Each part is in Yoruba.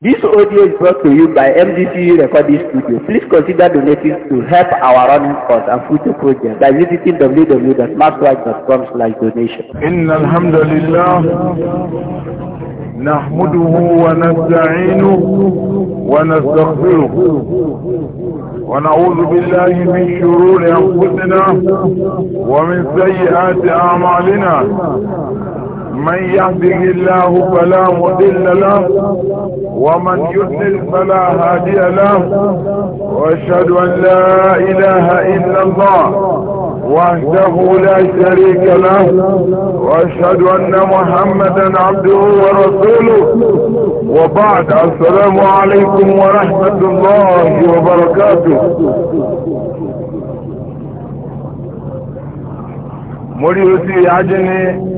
This audio is brought to you by MDCU Recording Studio. Please consider donating to help our running costs and future projects by visiting www.smartwatch.com slash donation. إن الحمد لله نحمده ونستعينه ونستغفره ونعوذ بالله من شرور أنفسنا ومن سيئات أعمالنا من يهده الله فلا مضل له ومن يضلل فلا هادي له واشهد ان لا اله الا الله وحده لا شريك له واشهد ان محمدا عبده ورسوله وبعد السلام عليكم ورحمه الله وبركاته مريوسي عجني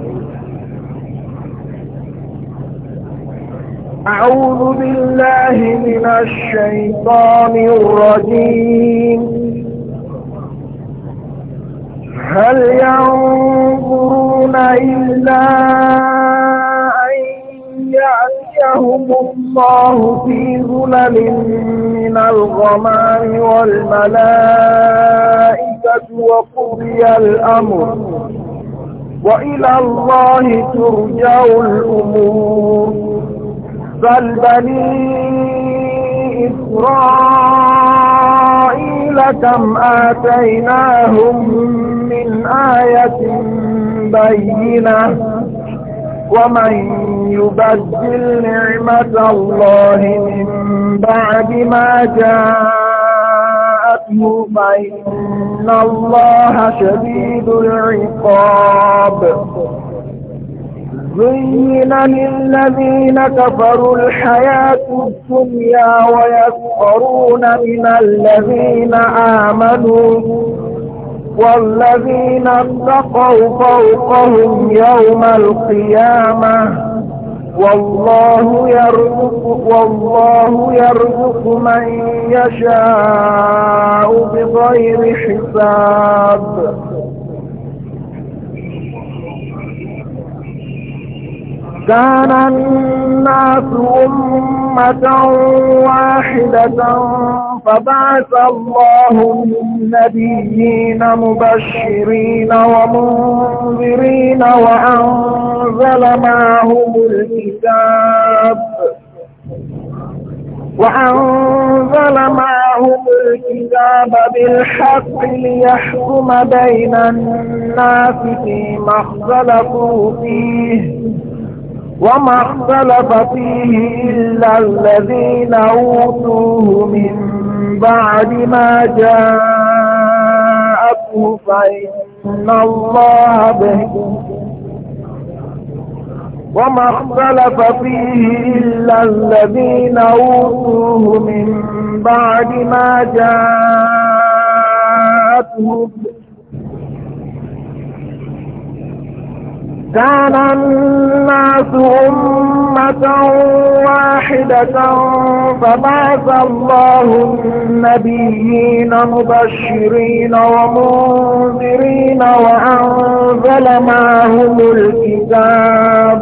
أعوذ بالله من الشيطان الرجيم هل ينظرون إلا أن يأتيهم الله في ظلم من الغمام والملائكة وقضي الأمر وإلى الله ترجع الأمور بل بني إسرائيل كم آتيناهم من آية بينة ومن يبدل نعمة الله من بعد ما جاءته فإن الله شديد العقاب زين للذين كفروا الحياة الدنيا ويسخرون من الذين آمنوا والذين اتقوا فوقهم يوم القيامة والله يرزق والله يرزق من يشاء بغير حساب كان الناس أمة واحدة فبعث الله النبيين مبشرين ومنذرين وأنزل معهم الكتاب وأنزل معهم الكتاب بالحق ليحكم بين الناس فيما اختلفوا فيه وما اختلف فيه إلا الذين أوتوه من بعد ما جاءته فإن الله به وما اختلف فيه إلا الذين أوتوه من بعد ما جاءته كان الناس أمة واحدة فبعث الله النبيين مبشرين ومنذرين وأنزل معهم الكتاب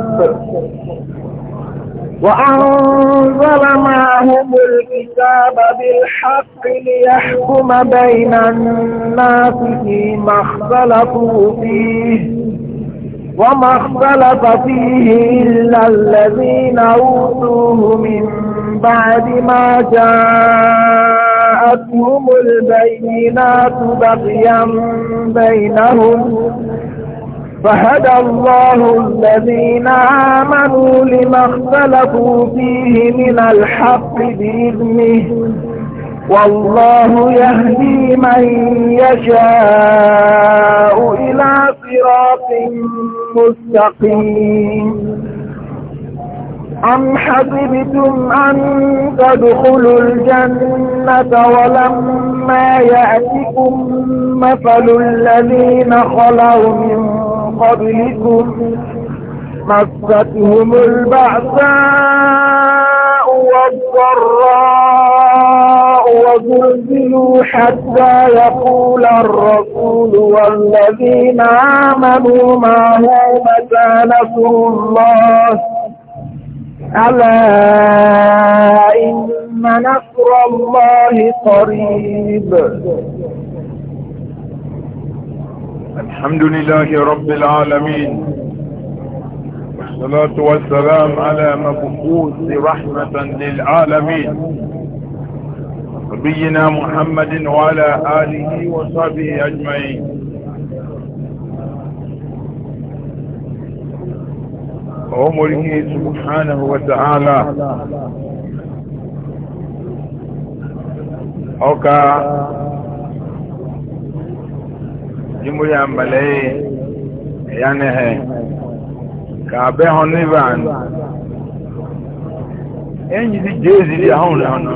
وأنزل معهم الكتاب بالحق ليحكم بين الناس فيما اختلفوا فيه وما اختلف فيه إلا الذين أوتوه من بعد ما جاءتهم البينات بغيا بينهم فهدى الله الذين آمنوا لما اختلفوا فيه من الحق بإذنه والله يهدي من يشاء إلى صراط مستقيم أم حسبتم أن تدخلوا الجنة ولما يأتكم مثل الذين خلوا من قبلكم مستهم البعثاء والضراء وزلزلوا حتى يقول الرسول والذين آمنوا معه متى نصر الله ألا إن نصر الله قريب الحمد لله رب العالمين والصلاة والسلام على مبعوث رحمة للعالمين نبينا محمد وعلى آله وصحبه أجمعين ومره سبحانه وتعالى ọka jimuri ambalai ya nehe ka abe honovan enyi di jezi di ahun na ọnà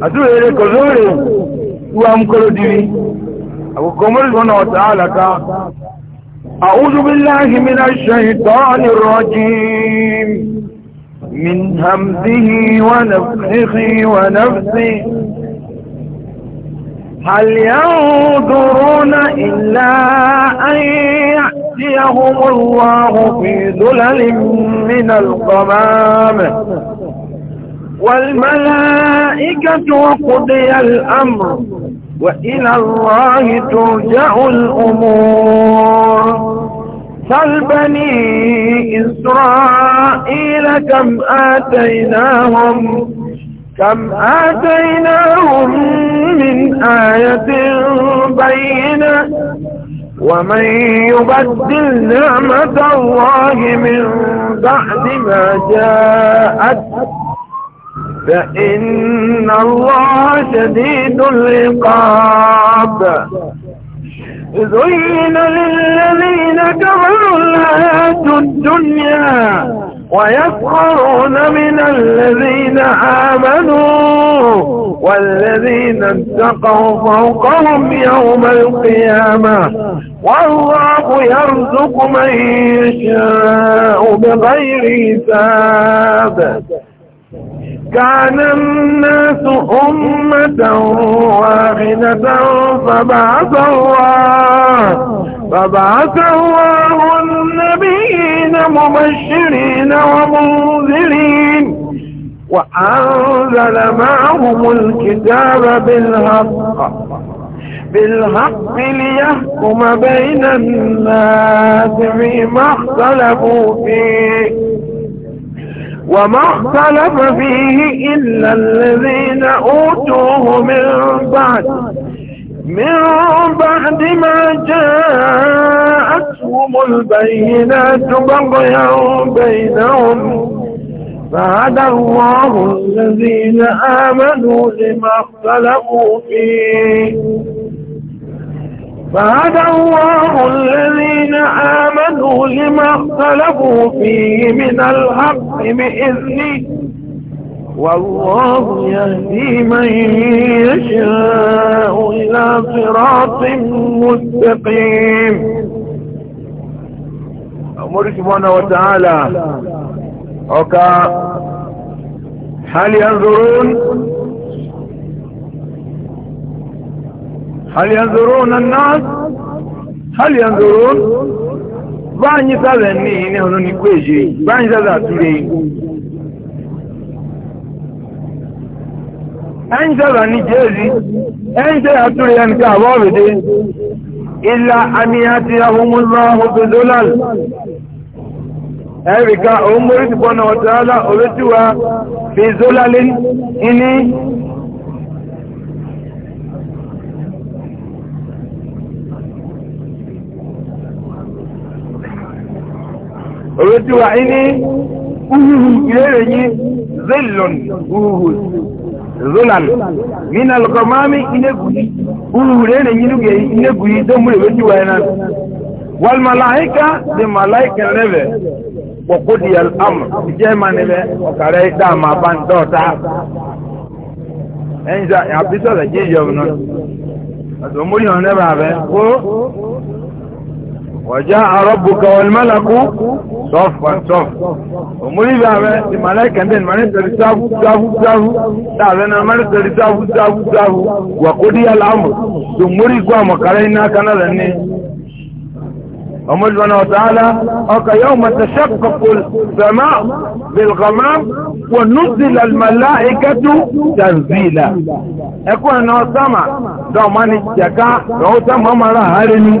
atuwere kozore uwa mkolo diwi akukomori zona wa ta'ala ka أعوذ بالله من الشيطان الرجيم من همزه ونفخه ونفسه هل ينظرون إلا أن يأتيهم الله في ذلل من القمامة والملائكة وقضي الأمر وإلى الله ترجع الأمور فالبني إسرائيل كم آتيناهم كم آتيناهم من آية بينة ومن يبدل نعمة الله من بعد ما جاءت فإن الله شديد العقاب زين للذين كفروا الحياة الدنيا ويسخرون من الذين آمنوا والذين اتقوا فوقهم يوم القيامة والله يرزق من يشاء بغير حساب كان الناس أمة واحدة فبعث الله فبعث الله النبيين مبشرين ومنذرين وأنزل معهم الكتاب بالحق بالحق ليحكم بين الناس فيما اختلفوا فيه وما اختلف فيه إلا الذين أوتوه من بعد من بعد ما جاءتهم البينات بغيا بينهم فهدى الله الذين آمنوا لما اختلفوا فيه فهدى الله الذين آمنوا لما اختلفوا فيه من الحق بإذنه والله يهدي من يشاء إلى صراط مستقيم أمر سبحانه وتعالى أوكا هل ينظرون هل ينظرون الناس هل ينظرون báyìí sábẹ̀ ní ilé ọ̀nà ní kó èyí báyìí sábẹ̀ àtúrẹ̀ ẹ̀yìn sábẹ̀ ní jẹ́rì ẹ̀yìn tẹ́ àtúrẹ̀ ẹni ká àwọ́ òrèdè ilá àmìyà ti ahùnmúlá òfèdólàl ẹ̀ríkà òun mórí ti pọ́nà ọ̀tọ́ òròdíwà ní uhuhu ìrẹ́rẹ̀ yìí zelon uhuhu zolan mina lọkọmami ineguri uhuhu ìrẹ́rẹ̀ yìí lóge ineguri dómúrẹ̀ lójúwà ẹ̀nà walmalaika di malaika lẹ́bẹ̀ pọ̀kúdì al'am jẹ́ ma níbẹ̀ ọ̀kàrẹ́ dáàmà bá ń dọ́ta ẹ̀yìn sọ àbísọ̀rẹ̀ jíjọ náà àtòmúrì hàn lẹ́bẹ̀ àbẹ́ kó وجاء ربك والملك صفا صفا ومولي بقى الملائكه عندنا الملائكه بتاعه بتاعه بتاعه تعالنا الملائكه بتاعه بتاعه بتاعه وقضي الامر ثمري كوا مكرينا كان لني ومولي سبحانه وتعالى اوكا يوم تشقق السماء بالغمام ونزل الملائكه تنزيلا اكو انا سما دوماني جكا دوتا ماما هارني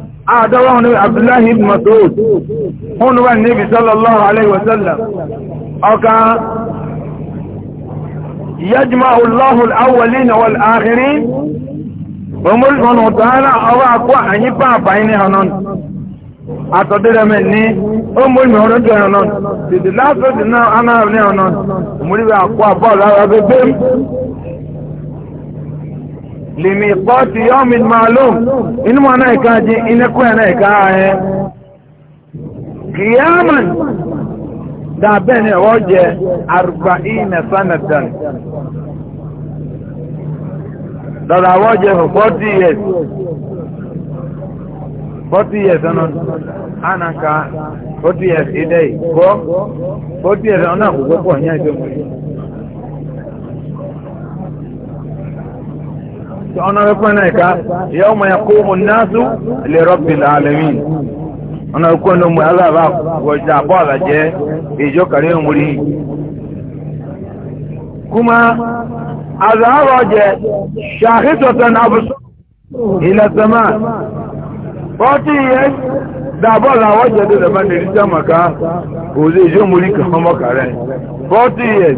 àádọ́wọ́ ní abdullahi ibn masoud hún wà níbi sallallahu alaihi wasallam ọka yajma allahu al'awwali na wal'ahiri omul ọ̀nà tààrà ọwọ́ àkọ́ àyí pàápàá ní ọ̀nàn àtọ̀dẹ́rẹ̀ mẹ́ ní omul ọ̀rọ̀ lèmìkọ́tì yọ́mì màálùm inú wọn náà ká jí inẹ́kọ́ ẹ̀ náà ká ẹ kìyàmàn dàbẹ́ ni ọ jẹ àrùbà ìnà sanadan lọ́dọ̀ àwọ̀ jẹ for forty years forty years Ana ka forty years ìdẹ́yì kọ́ forty years ọ̀nà àkókò pọ̀ ní àjọ mọ́lẹ̀. ọ̀nà rẹ̀ pẹ́ẹ́nà ẹ̀ka ìyá ọmọ yẹn kó òun náàsù lè rọ́bì làálẹ́mì ọ̀nà rẹ̀ pẹ́ẹ́nà ọmọ aláàbà wọ̀jà àbọ̀ àlàjẹ́ ìjọ kàrí òmùrí. kuma azahara jẹ ṣàkíṣọ̀tàn àbùsọ̀ ilẹ̀ sẹ́mà fọ́tí yẹn dàbọ̀ làwọn jẹ́dọ̀ lẹ́mọ́ nílùú sẹ́mà ká òun ìjọ òmùrí kàn ọmọ kàrẹ́ fọ́tí yẹn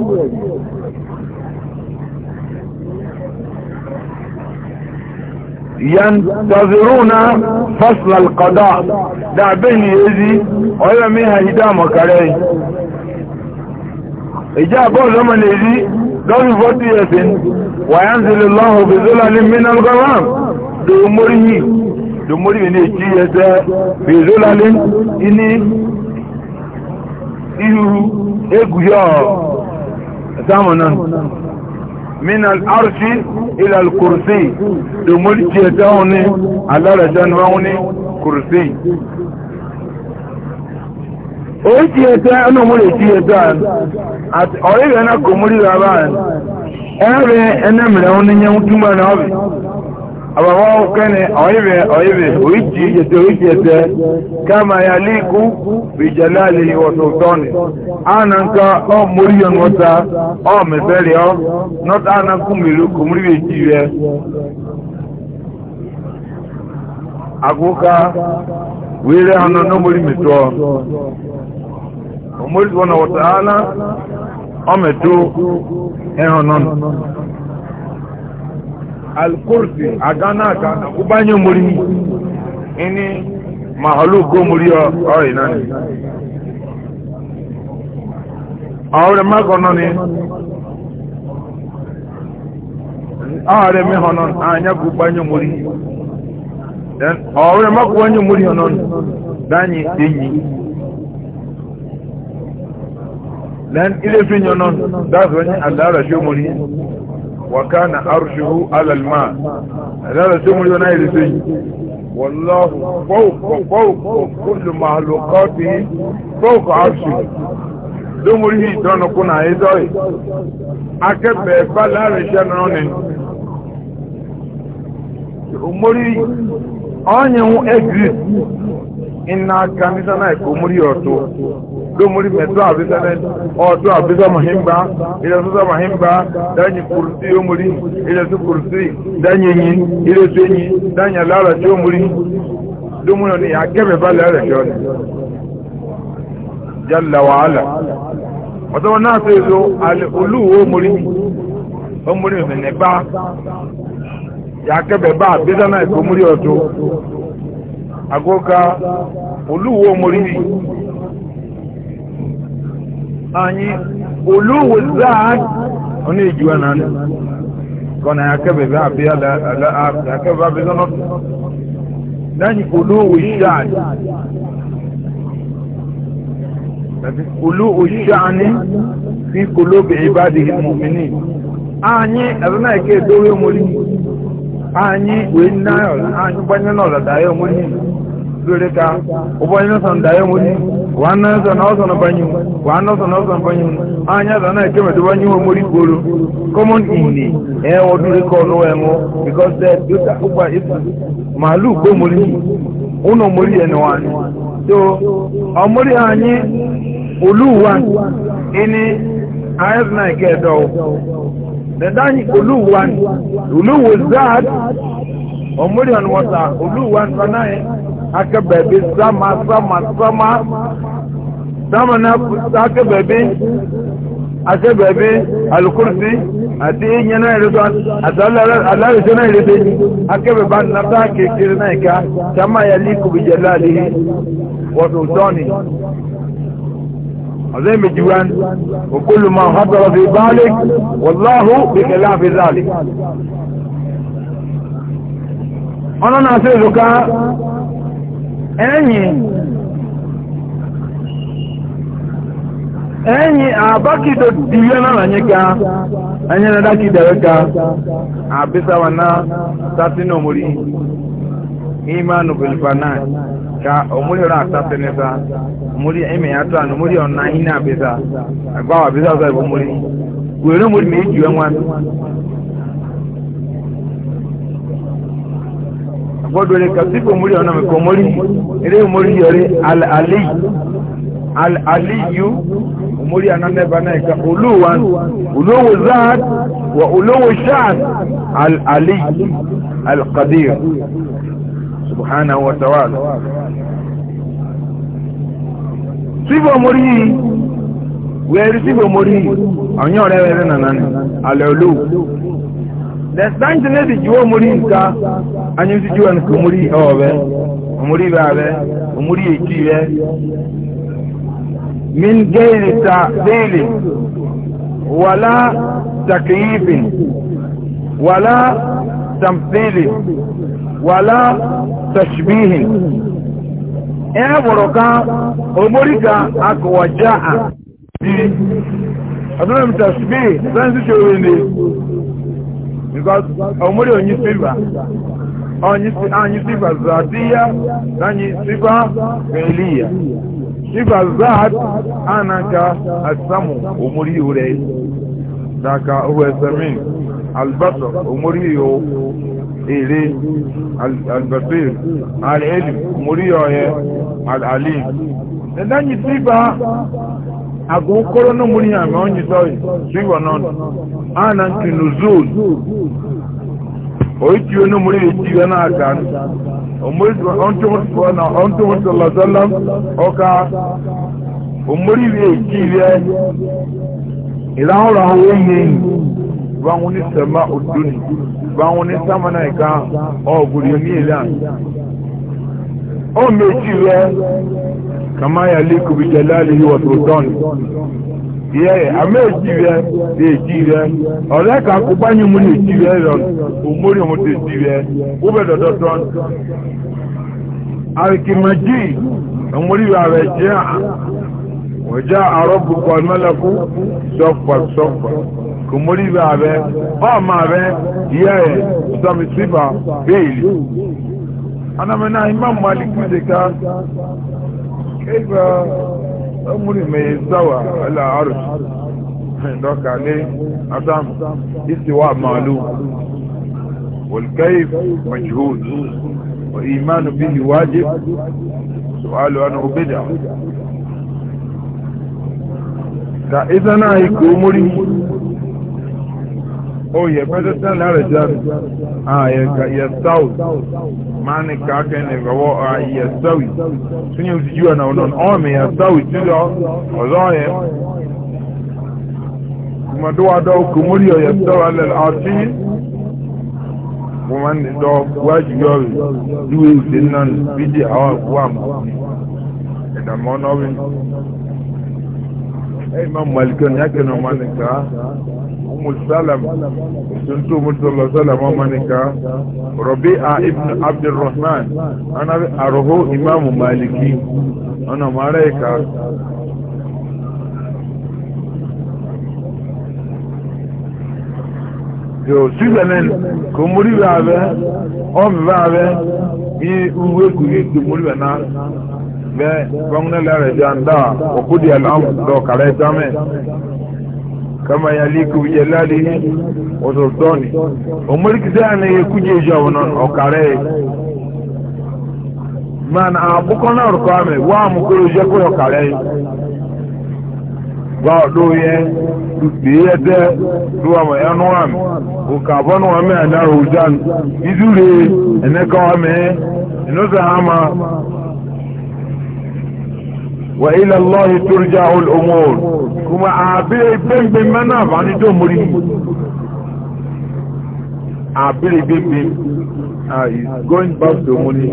yantaziruna fasla alqada da beni ezi oyo mi ha ida makare ija bo zaman ezi don 40 years in wa yanzilu allah bi zulalin min alghamam do murihi do muri ni ji yese bi zulalin ini ihu eguyo zamanan min al'arshi ila al-kursi da mulki ya ta wani alarajan wani kursi orí tí ẹta ẹnu múlẹ̀ tí ẹta ọ̀rẹ́ ìrẹ́nà kò múlẹ̀ rárá ẹ̀rẹ́ ẹnẹ́mìrẹ̀ wọn ní yẹn túnmọ̀ àbàwọ́ kẹ́ni ọ̀yẹ́bẹ̀ ọ̀yẹ́bẹ̀ oríṣi ìjẹ̀tẹ̀ oríṣi ẹ̀tẹ̀ kama ya léèkú ìjẹ̀lá lè wọ̀tọ̀ tọ́ni ààna nǹkan ọ́ mórí ọ̀nà ọ̀ta ọ́ mẹ́fẹ́rẹ́ ọ́ nọ́tà ààna kúmìlú kòmúrìwé were rẹ̀ àkókò wíìrẹ́ alkursi aga n'aka ụbanye omori ịnị ma ọlụgo omori ọrị naanị ọrịa magọ nọ ni ọrịa mehọ nọ anya ka ụbanye omori ọrịa magọ onye omori nọ n'anyị enyi then ilé fi yan náà dáàbò ní àdáàrà وكان عرشه على الماء هذا سمو يناي لسي والله فوق فوق كل مخلوقاته فوق عرشه لمره دون كنا ايضاي اكب بلا رشان umori onye hu exist ina kanisa na ko muri oto domuri mai zuwa bisa nan o mahimba, bisa mahimba, idan su zama himba dan yi kursi omuri idan su kursi dan yi yi idan su yi dan ya lalace omuri domuri ne ya kebe ba lalace wani jalla wa ala wata wani na sai zo al'ulu omuri omuri mai ba ya ba bisa na ikomuri oto agoka oluwo omuri anyị uluwu zaad ọ na-ejuwa na ndụ kọ na ya kebebe abịa ala abịa ya kebebe abịa anyị nanyi uluwu zaad uluwu shaani fi kulubi ibadihi mumini anyị adịna eke edowe omori anyị wee nna anyị gbanye n'ọlọdaya omori lórí ka ụbọchị nọsọ ndaya omori wannan zan ọzọ na banyu wannan zan na banyu anya zan na kemgbe banyu wa mori gboro common inni ẹ wọ́n dúró kọ́ ọ̀nà ẹ̀ mọ́ because ẹ dúkà ọgbà ìsìn màálù gbó mori ụnọ mori ẹ̀ nìwọ̀n ni so anyi anyị na ini ayẹ́sì náà ike ẹ̀dọ́ Olu anyị olúwa olúwo zaad ọmọrí ọ̀nà wọ́ta olúwa nfa aka baabi sama sama sama sama na aka baabi aka baabi alukursi àti ìyẹn náà ìrètò àti alárèsè náà ìrètò akẹ́bẹ̀ bá nàbà kékeré náà ìka sàmà yà líkù bí jẹ láàlẹ́ wọ́n tó ní. ọ̀sẹ̀ méjì wá ní òkúlù máa ń hàtọ̀rọ̀ sí báálẹ̀ wọ́láhù bíkẹ́ láàfin láàlẹ́. ọ̀nà náà enyi enyi abakido diwe na anyị nyika anya na dakida weka abisa wana sati no muri imanu bil fana ka omuri ra sati ne sa muri ime ato anu muri onna ina abisa agwa abisa sa muri were muri na jiwe nwan bodore kasifu muri ona mikomori ire muri yore al ali al aliyu muri anane banaika uluwan uluwu zat wa uluwu shan al ali al qadir subhanahu wa ta'ala sifu muri wẹ́ẹ́rí síbò mórí ọ̀yán ọ̀rẹ́ rẹ̀ nánà ni alẹ́ olóòwò dẹ̀sáǹtì ní ti juwọ́ mórí anyị anyọ́ nke juwọ́ ihe mórí ọ̀bẹ mórí bàbẹ mórí èkì bẹ min gẹ́ẹ̀lì ta déèlì wàlá takiyifin wàlá tamfili wàlá tashbihin ẹ bọ̀rọ̀ ká omórí ka akọ̀wàjá à ọdún mẹ́ta tashbihin sáyẹ́nsì ṣòro ni because omuli onyi silva anyi sifa zatiya nanyi sifa fiiliya sifa zat anaka asamu omuli ure daka huwesamin albasar omuli yo ere albasir al'ilim omuli yo ye al'alim nanyi sifa agụ koro no muri ha me onyi nọ sigo a na nti na o no muri ti na kan omuri onto na onto sallallahu sallam oka omuri we ti we ila hora ho yin bangu uduni bangu ni sama na ka o ya niile o meji ya. kama yaliku bi jalalihi wa sultani yẹ àmì èjì rẹ lè jì rẹ ọ̀rẹ́ kan kó bá yín mu lè jì rẹ rẹ òmórí òun lè jì rẹ ó bẹ̀ dọ̀dọ̀ tán. àrìkìmọ̀jì òmórí rẹ jẹ́ ọjà àrọ́bù kan mẹ́lẹ́kú sọ́fà sọ́fà òmórí rẹ ọmọ rẹ yẹ sọmi síbà bẹ́ẹ̀lì. anamina imam malik ndeka كيف أمري ما يستوى على عرش ضحك عليه عدم استواء معلوم والكيف مجهول وإيمان به واجب سؤال أنه بدعة فإذا نايك أمري Oh, yeah, President Arajan. Ah, yeah, South. man. Mani kaka ni gawo ah, yeah, South. you are na an army ya South you, sila. Wazaye. Oh, Kumadua dao Kumuri, ya South and the Woman, dog, alal arti. Kumani dao waji gawi. the utinan bidi hawa kuwamu. Ina mono bin. Hey, mamu walikoni yake na mani kaka umusálàmù tuntun musallar sálàmù ọmọnìkà rọ̀bí a ibn abdulrahman arọ̀hó imáàmù maliki ọ̀nà mara ìka yóò sílẹ̀lẹ́n kò mórí bá abẹ́ ọ̀bí bá abẹ́ ní uwe kùrí kò mórí bá náà bẹ́ẹ̀ fọ́nmúnẹ́lẹ́rẹ̀ jẹ́ àǹdà òkúdìẹ̀ láwọn dọ̀ kàrẹ́ sámẹ́ kama yaliku bi jalalihi wa sultani umar kizana ye kuje jawnon o man a bukona or wa mu kuru je ko kare wa do ye biye de du ama yanu am o ka bonu ame na rudan izure ene ka ame eno ama Wa وإلى الله ترجع الأمور كما أعبر بين بين مناف عن دمري أعبر بين is going back to money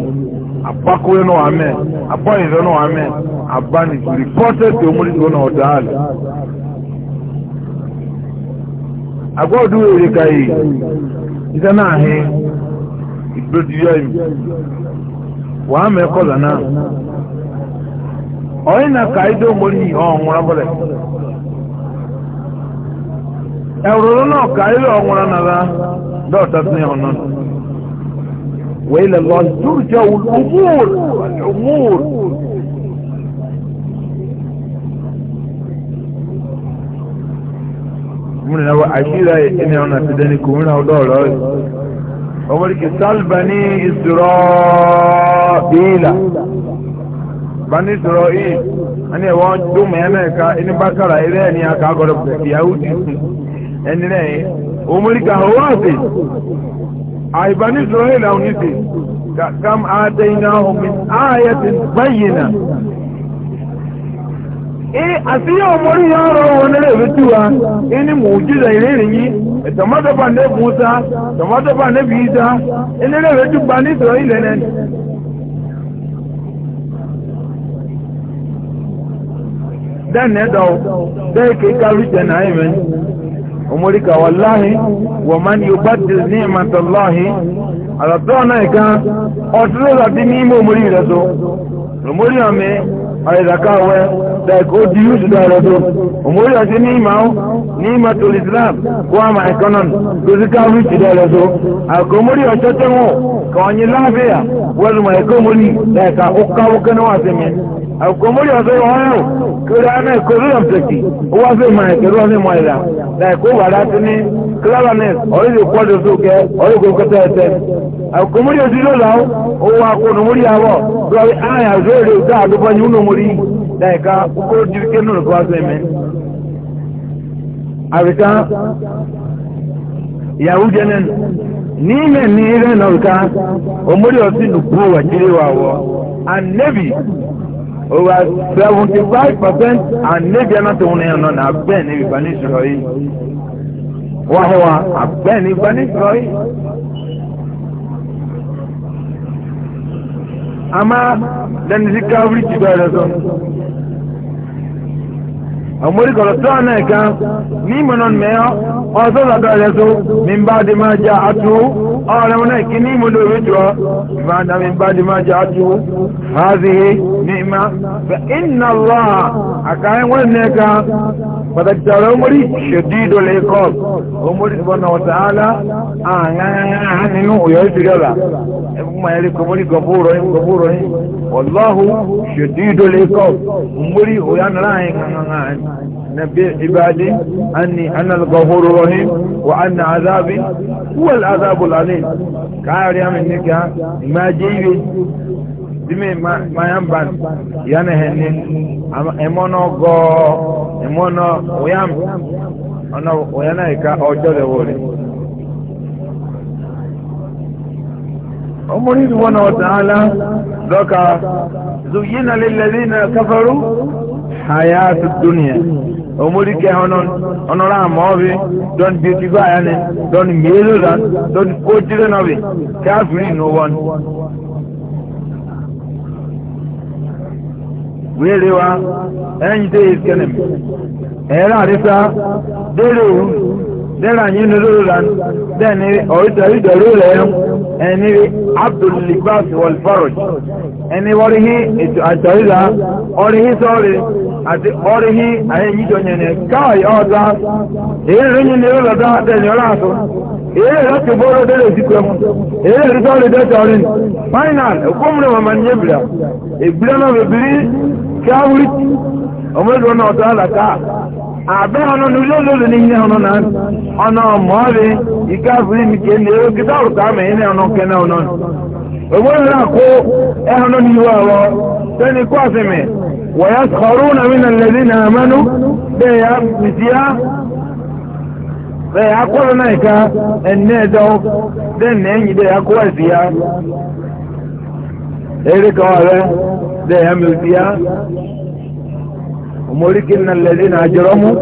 abakoye no amen abayinze no amen abani to reported to omuli to na ọdaala agbọdọ ere ka yi na igbe ti yọ imi onye na-aka ido omori ihe e ọnwụrụ abụrụ ẹ̀rọ̀rọ̀ náà kàílò ọ̀wọ̀n náà dọ́ọ̀tà sí ọ̀nà wẹ́lẹ̀ lọ jùjọ òmùr na náà àṣírà ẹni na ti dẹni kò na náà dọ́ọ̀rọ̀ rẹ̀ ọmọdé kì sálbà ní ìṣòro bíìlà bani isra'il ani ẹwọ dùnmọ yẹn náà ẹni ẹni aka agọdọ ẹni ọwọ àti àìbani isra'il na ìsì kàkàm àtẹyìn ahùn mi ààyè ti báyìí nà. ee àti yẹ omori yẹn ọrọ wọn nílẹ ìwé tiwa ẹni mò ń jíjẹ ìrírì yìí tọmọdọba nẹbi musa tọmọdọba nẹbi isa ẹni náà dan ne dawo dai kai ka rike na yi mai umurika wallahi wa man yubaddil ni'matallahi ala dona ka otro da dini mo muri da so mo muri ame ala ka we like ó di yúùsù dára tó òmórí ọ̀sẹ̀ ní ìmọ̀ ọ́ ní ìmọ̀ tó islam kó àmà ẹ̀kọ́nà lórí káwíìsì dára tó àkómórí ọ̀sẹ̀ tẹ́wọ̀n kọ̀ọ̀yìn láàbẹ̀yà wẹ́lùmọ̀ ẹ̀kọ́ mórí ẹ̀ka ó káwó kẹ́nu wà sí mi àkómórí ọ̀sẹ̀ wọn rò kéré àná ẹ̀kọ́ lórí ọ̀pẹ̀kì ó wá sí ìmọ̀ ẹ̀kẹ́ lọ́sẹ̀ mọ̀ ẹ̀dá like ó wà láti ní cleverness ọ̀rẹ́dẹ̀ pọ́dọ̀ sókè ọ̀rẹ́dẹ̀ kọ́tà ẹ̀tẹ́ àkómórí ọ̀sẹ̀ lọ́la ó wà kó nùmórí àwọ̀ lọ́wọ́ àyà zóòrè ọ̀dọ́ àdúgbò yìí nùmórí yìí. ka ụkpụrụ ju kéènù rẹ̀ kó wá sẹ́mi. àbíká ìyàwó N'ime ní na ní omori ọtí nùkú jiri wa wà wọ́ and navy over seventy and navy ẹ̀ náà tó wọn yẹn náà nà bẹ́ẹ̀ ní ìbáni sọ̀rọ̀ yìí wà hùwà àbẹ́ẹ̀ ní ọmọdé kọlọ tó àná ẹ̀ka ní ìmọ̀nà mẹ́ọ́ ọ̀sọ́ lọ́dọ̀ rẹ̀ tó ní bá di máa jẹ àtú ọ̀rẹ́ wọn náà kí ní ìmọ̀dé òwe jọ ìbáda mi bá di máa jẹ àtú hàzìhì ní ìmá fẹ́ fadaddar omori ṣedido lagos omori subana wataala a nínú òyò ìdírẹ́ra ẹgbùnmà ẹ̀rí kọmọrí gọbúrò yìí gọbúrò yìí wọláhù ṣedido lagos omori òyà nara yìí kankan نبي عبادي أني أنا الغفور الرحيم وأن عذابي هو العذاب العليم كاريا منك ما جيبي dimi mayamban yana hene emono go emono wuyana ono oyana ika ojo de wori umuri subhanahu wa ta'ala doka zuyina lil ladina kafaru hayatu dunya omori ke honon onora mobi don beauty go ayane don mielo don don kojire nobi kafiri no one wéèrè wa ẹ̀yìn dé ìsìkẹ́nìm ẹ̀rọ àrísá dérè òun dérè àyín ní lóòrán dẹ́ni ọ̀rísà ìdọ̀rí rẹ̀ ẹni abdulligbas wọlfaroj ẹni wọ́ríhí ètò àjọyìlá sọ́ọ̀rì àti ọ̀ríhí ọ̀dá káwùrì ọmọdún náà ọ̀tọ́ àlàkà àbẹ́ ọ̀nà nílé lórí ní ihe ọ̀nà na ọ̀nà ọ̀mọ́rí ìkáfìrí mi kéé ní ewé kíta òrùka àmì ní ọ̀nà kẹ́nà ọ̀nà ògbó ní àkó ẹ̀hánà ní ìwà ọ̀rọ̀ sẹ́ni kó àfẹ́mì wọ̀yá sọ̀rọ̀ náà ya ده يعمل فيها ومولك إن الذين أجرموا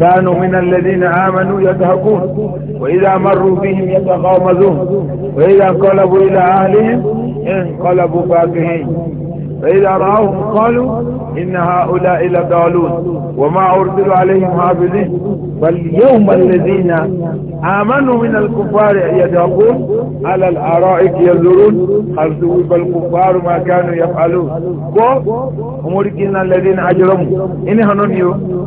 كانوا من الذين آمنوا يذهبون وإذا مروا بهم يتغامزون وإذا انقلبوا إلى أهلهم انقلبوا فاكهين فإذا رأوهم قالوا إن هؤلاء لضالون وما أرسل عليهم بل فاليوم الذين آمنوا من الكفار يدعون على الأرائك ينظرون هل ذوب الكفار ما كانوا يفعلون أمركنا الذين أجرموا إنهم يوم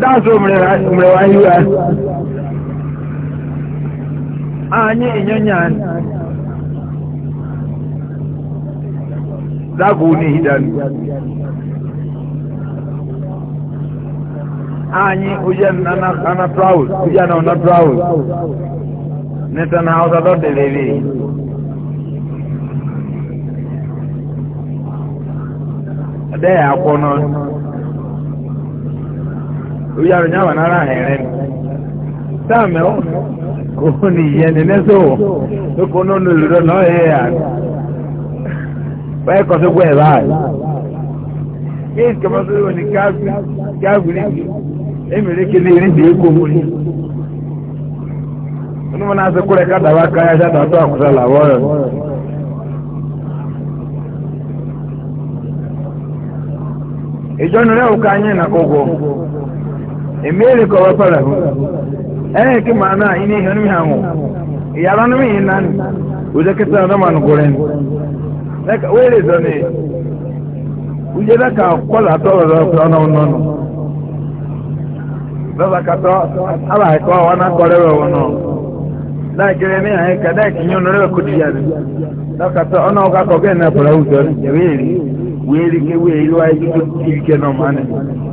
dáàsù anyị were, anyị ịnyọnya anyị. n'ihidan anyị ụjọ na traus ụjọ na ọna traus neta na hausa dọdelere adịghị akwọ n'ọnụ ìyàrá ìyàwó náírà ẹ̀rẹ́ ni sáàmì ọ́ kò ní ìyẹn ní nẹ́sọ̀ tó kó nínú ìlúdọ̀ náà ẹ̀ yà ni bẹ́ẹ̀ kọ́ tó gbọ́ ẹ̀ báyìí kí ìkẹ́mọ́ tó lò ní káàbùrì èmìrí kí ní ìrìn dè é kó wọlé nínú náà sọ kúrẹ́ ká dàbá ká yá sádà tó àkúsà làwọ̀ rẹ̀. ìjọ́nu rẹ̀ ò ká yín nà kókó. emere ka ọ wepere ee ke ma na ina ihe onimi ha nwụ yàrá ni mi yìí nani ojú kẹsàn án dọ́mà nùgúrẹ́ ni na wéèrè zọ́ni ojú lẹ́ka kọ́lá tọ́lọ̀ lọ́wọ́ ọ̀nà ọ̀nọ́nù lọ́sà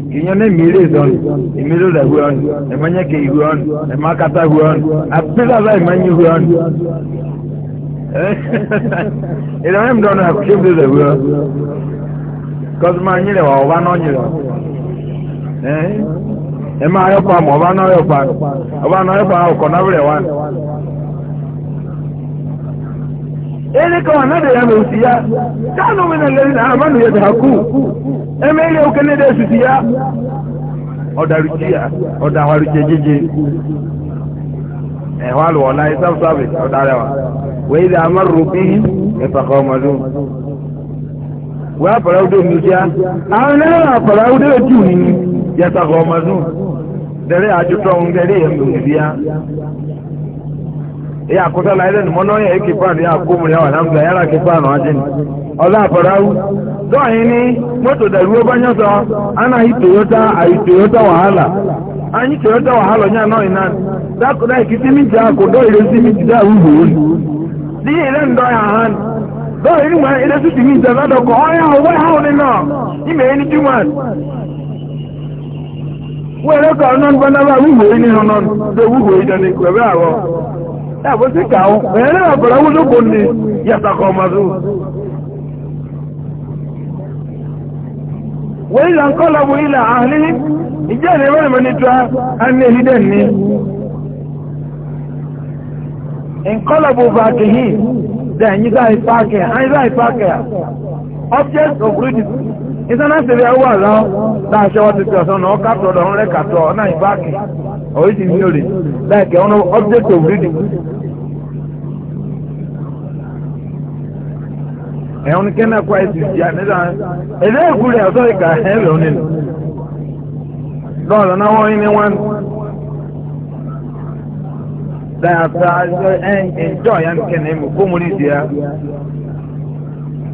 ìyẹn ní mìíràn ìdọ́nù ìmìíràn rẹ̀ hu ọ́nù ẹ̀mọ́nyẹ́kẹ̀ ìhu ọ́nù ẹ̀mọ́kátà hu ọ́nù àbílàlá ìmọ̀nyí hu ọ́nù. ìdọ́nù ìdọ́nù àkùkẹ́ ìmìíràn rẹ̀ hu ọ́nù kọ́sùmá wà ọ̀bá náà nyílẹ̀ ẹ̀ ẹ̀ máa yọ̀pá mọ̀ ọ̀bá náà yọ̀pá ọ̀bá náà yọ̀pá ọ̀kọ̀ náà ele kama nada ya meusia tano mina alladhina amanu yadhaku eme ile ukenede susia odarujia odawarujia jeje eh wale wala isabu sabe odarewa wa idha amaru bihi yataqamalun wa faraude mujia ana faraude juni yataqamalun dere ajuto ngere ya meusia ya kuta na idan mono ya yake fa ya ko mu ya alhamdulillah yara ya fa no ajin Allah farau do ni moto da ruo banya so ana hi toyota ai toyota wahala anyi toyota nya no ina da ko da kitimi ja ko do ile si mi da ile ndo ya han ya ha ni no ni me ni tuman ẹ̀bùn sí kàáwó ẹ̀rẹ́ àbẹ̀rẹ̀ wúlòkò ní yàtàkọ̀ ọmọdún wọ́n ìlà ń kọ́lá wọ ilẹ̀ àhálí ìjẹ́ ìrẹ́ mẹ́rin mẹ́rin tó a ní ìdẹ̀ ní ìkọlọ̀bù vàkìhì dẹ̀ yíká ìpákẹ̀ àyíká ìpákẹ̀ object origin theory like ọ̀nà object of reading ẹ̀hún ní kẹ́nà kọ́ ẹ̀sìn sí àmìlà ẹ̀dẹ́ ìkú rẹ̀ ọ̀tọ́ ìkà ẹ̀rọ nínú lọ́ọ̀lọ́ náà wọ́n ní wọ́n dáa fẹ́ ẹ̀ńjọ́ ya ní kẹ́nà ẹ̀mú kó mú ní ya.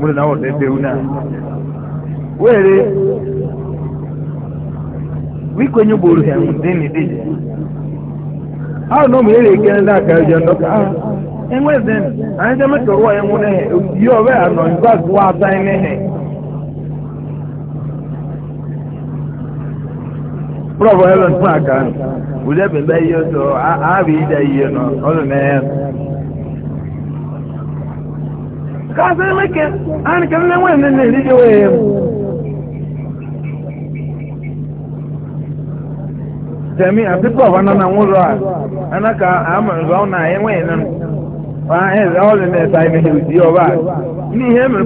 mụrụ na ọrụ ebe na were wikwenye ugboro ya ndị n'ide ahụ na ụmụ ya na-ekele ndị aka ụjọ ndọka ahụ enwezi anyị jeme ka ụwa ya nwụ n'ehe ihe ọwe ya nọ nke agụwa ata anyị n'ehe prọfọ aka ụdị ebe ndị ihe ihe nọ ọdụ n'ehe kaasa meke ani kan na wen ne ri yo e jami a pipo wa na na nwuro a ana ka ama nzo na enweghị wen nan wa e all the time he with you ba ni he me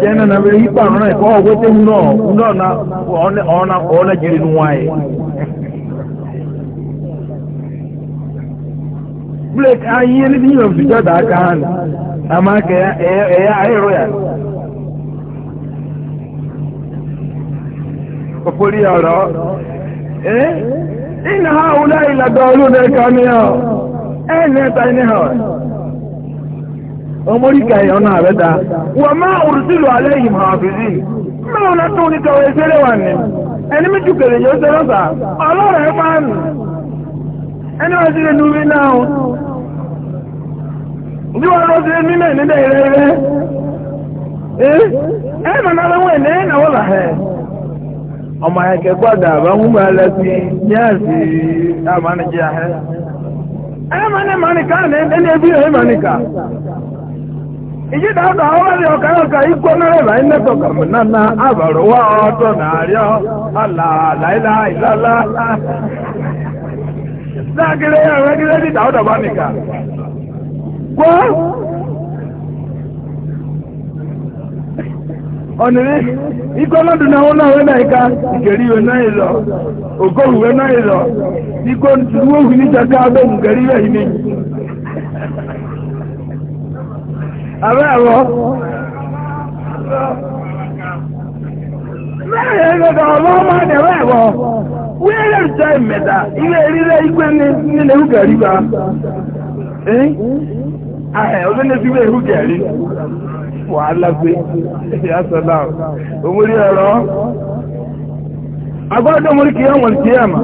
to na na be ri pa no na ko wo te no no na ona ona ona jiri blake anyị ihe ndị inyom si aka ha nụ ama ka ya ahịrụ ya okpori ya ọrọ ee ịna ha ụlọ anyị ladọọlụ na-eke ọnụ ya ee na-eta ihe ha ọmọríkà ẹ̀ ọ̀nà àbẹ́ta wọ́n ẹni rí ndị ọrụ dị n'ime ndị ere ere ee ma e na nwe ne na ụlọ he ọmọ ya kwada ba e ma la fi nyasi ama ni ja he ee ma ne mani ka ne ne bi ikwo nara ba ime tọka m na na abalị wa ọtọ na arịọ ala laila ilala ya ko Ọniri e, ike ọnọdụ na ọnwụ na na ịka ikeri iwe na ịlọ okohuwe na ịlọ iko nturuwe ohu n'ịcha ka abụ iwe ime abụ abụọ láàrin ẹgbẹ̀gbẹ̀ ọ̀rọ̀ ọmọ ẹ̀rẹ́ ẹ̀rọ ìjọ ilé ní olólèsí bẹ́ẹ̀ hù gẹ̀rí wàhálà gbé ìyá sọ́lá òmúrí ẹ̀rọ agbọ́dọ̀ mórí kí ẹ̀wọ̀n kí ẹ̀mà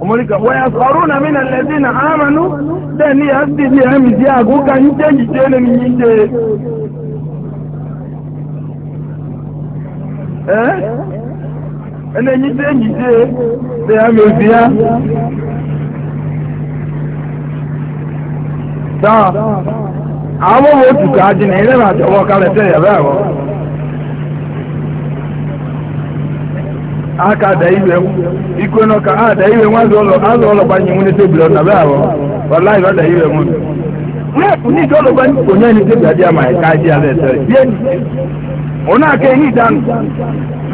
omori ka wọ́n yà sọ̀rọ̀ na mí na lẹ́sí na ámànú bẹ́ẹ̀ ni yà sí ilé ẹ̀mì sí àgúkà ń jẹ́ ìjẹ́ ní ní yíṣe ẹ́ ẹni yíṣe yíṣe bẹ́ẹ̀ mi ò sí yá tọ́ àwọn ọmọ oṣù ká jìnnà ilé ìrìn àjọ ọwọ́ kálẹ̀ tẹ̀lé ẹ̀rọ ẹ̀rọ. aka da iwe ikwe nọ ka a da iwe nwa azụ ụlọ azụ ụlọ gbanye nwunye tebụl ọ na be ahụ ọla ịba da iwe nwunye rape ní ìdọ́lọ́gbà ní kò náà ní débi àdé àmà ẹ̀ka àdé àlẹ́ ẹ̀sẹ̀ rẹ̀ bíẹ́ òun náà kẹ́ yìí dánù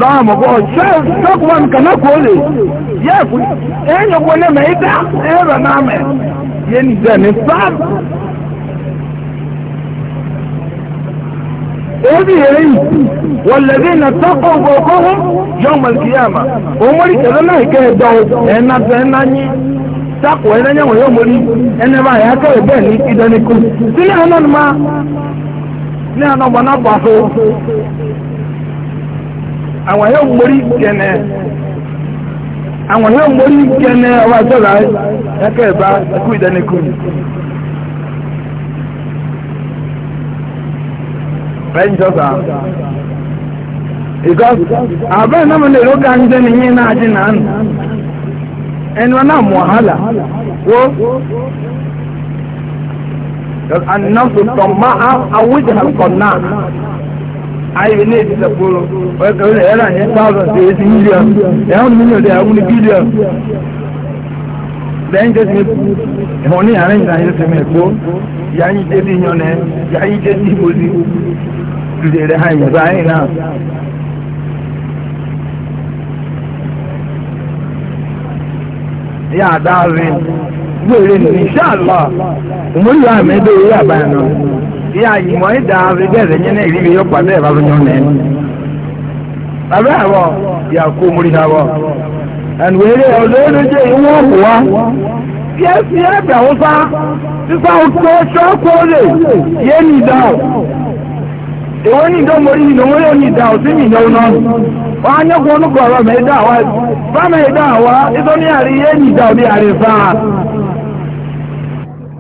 lọ́wọ́ mọ̀kọ́ ṣọ́ọ̀kùnmọ́ nǹkan náà kò lè yẹ́ ẹ̀kú ẹ̀yìn ọgbọ́n náà mẹ́ ìdá ẹ̀rọ náà mẹ́ yẹ́ ní ìdá ní fáàmù. ebi yẹn wọlẹ́bí na tọ́kọ̀ ọgbọ̀n kọ́hún yọ̀ọ̀mọ̀lì kìyàmà òun mọ̀lì kẹlẹ́ náà kẹ́ ẹ̀dọ́ tako na ẹni ẹwọn yóò mori ẹni ẹba yà kẹwẹ bẹẹ ní ìdánikù sílẹ ẹni ọdún máa ní àná ọgbà na bọ àfọ àwọn yóò mori kẹnẹ àwọn yóò mori kẹnẹ ọba àjọra yà kẹwẹ bá ẹkú ìdánikù. Bẹ́ẹ̀ni sọ́sà because àbẹ́ẹ̀ náà mo lè ló ka ń jẹ́ ẹnu náà mọ̀ wo annasu tọ̀mọ́ awúdì àkọ́ náà ayé ní èdè ìsàkóró ọ̀ẹ́kẹ́ ọ̀rẹ́ ẹ̀rọ àyẹ́ thousand to eighty million ẹ̀hún mílíọ̀n dẹ̀ ẹ̀hún ní bílíọ̀n lẹ́yìn tẹ́sí ẹ̀hún ní àárín ìgbà yẹn tẹ̀mẹ̀ kó yáyí tẹ́sí yan náà yáyí tẹ́sí ìbòsí tùdẹ̀ rẹ̀ hàn ìgbà yẹn náà. ya adárin gbèrè ní ìṣàlọ́ òmúlò àmẹ́dò orí àbáyà náà ya ìmọ̀ ìdárin bẹ̀rẹ̀ yẹn náà ìrírí yóò pàdé ìbá lóyún náà ẹni. bàbá àwọ̀ ya kó múrí àwọ̀ ẹnu eré ọ̀dọ́ olóje ìwọ̀n òwúwa kí ẹ fi ẹ̀bẹ̀ àwọ́fá sísá òkú ṣọ́ọ̀kú olè yé ní ìdáhùn èwo ní ìdánwò orí ìnáwó yóò ní ìdáhùn sí ìyẹn náà wọ́n á nyẹ́kọ̀ọ́ fáànà ìdá àwá ìtọ́ ní àríyé nìjà òní àrífà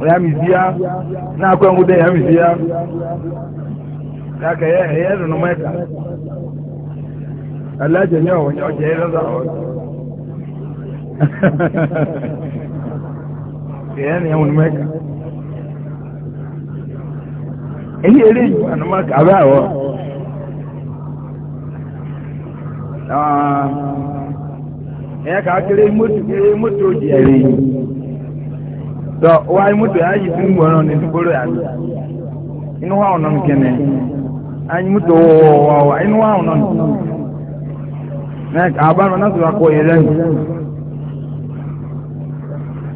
ọ̀yá mi sí ya náà kọ́ ẹ̀hún dé ẹ̀yá mi sí ya káàkiri ẹ̀yẹ ẹ̀dùnú mẹ́ta alájẹ ní ọ̀wọ̀ ní ọjà ẹ̀rọ sọ̀rọ̀ ẹ̀yẹ ní ẹ̀hún mẹ́ta èyí eré yìí àná má kàwé àwọ̀. ya ka kere moto kere moto di ẹ̀rí tọ moto ya yi fún gbọ́nà ní dùgbòrò ya inú wa ọ̀nà anyi moto wọ̀wọ̀wọ̀ inú wa ọ̀nà nìyẹn abánu náà sọ̀rọ̀ akọ yẹn lẹ́nu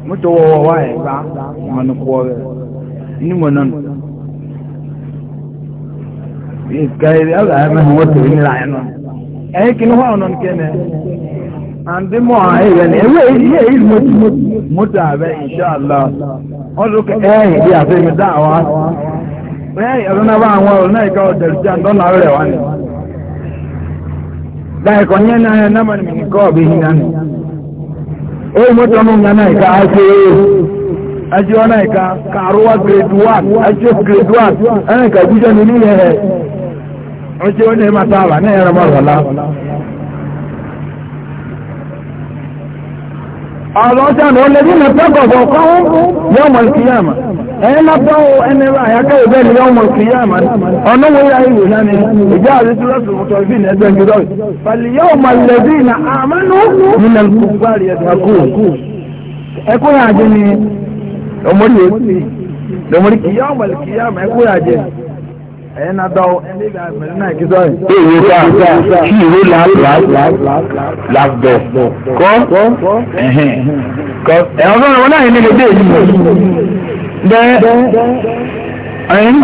moto wọ̀wọ̀wọ̀ ẹ̀ bá ọmọnù kọ́ rẹ̀ inú wọn nọ nù kẹ́hìn ẹ̀ wọ́n kí inú wa ọ̀nà àǹdí mọ̀ àìrẹ̀ ní ewé ilé ìlú mọ́tà rẹ̀ ìṣàlá ọdún ẹ̀yìn bí àfihàn dá wa ẹ̀yìn ọdún náà bá àwọn ọ̀rọ̀ náà ìkọ́ na tí a ń dọ́nà rẹ̀ wá ní. dáìkọ̀ ní ẹni ayẹ náà mọ̀ni mìíràn kọ́ ọ̀bí yín náà èyí mọ́tò ọmọ mi náà ìka ajé ajé grade one ọlọ́sàn olèdí na tọ́kọ̀kọ̀ kọ́wọ́ yọmọ ìkìyàmà ẹ̀yẹ́ lápá ẹni àyàkẹ́ ìbẹ́ ni yọmọ ìkìyàmà ọ̀nàwó ya ìwò láni ìjá àrísí lọ́sùn mọ́tò ìbí ní ẹgbẹ́ ìjọ rẹ̀ pàlì yọmọ ìlẹ̀dí na àmánú nínú ìkúgbárì ẹ̀yẹ́nà dọ́wọ́ mẹ́rin náà kí sọ́yìn. èyí ká kí ìwé láàbọ̀ kọ́ ẹ̀hún ọ̀rọ̀ wọn náà yẹn ní lédè yìí bẹ́ẹ̀ ẹ̀yìn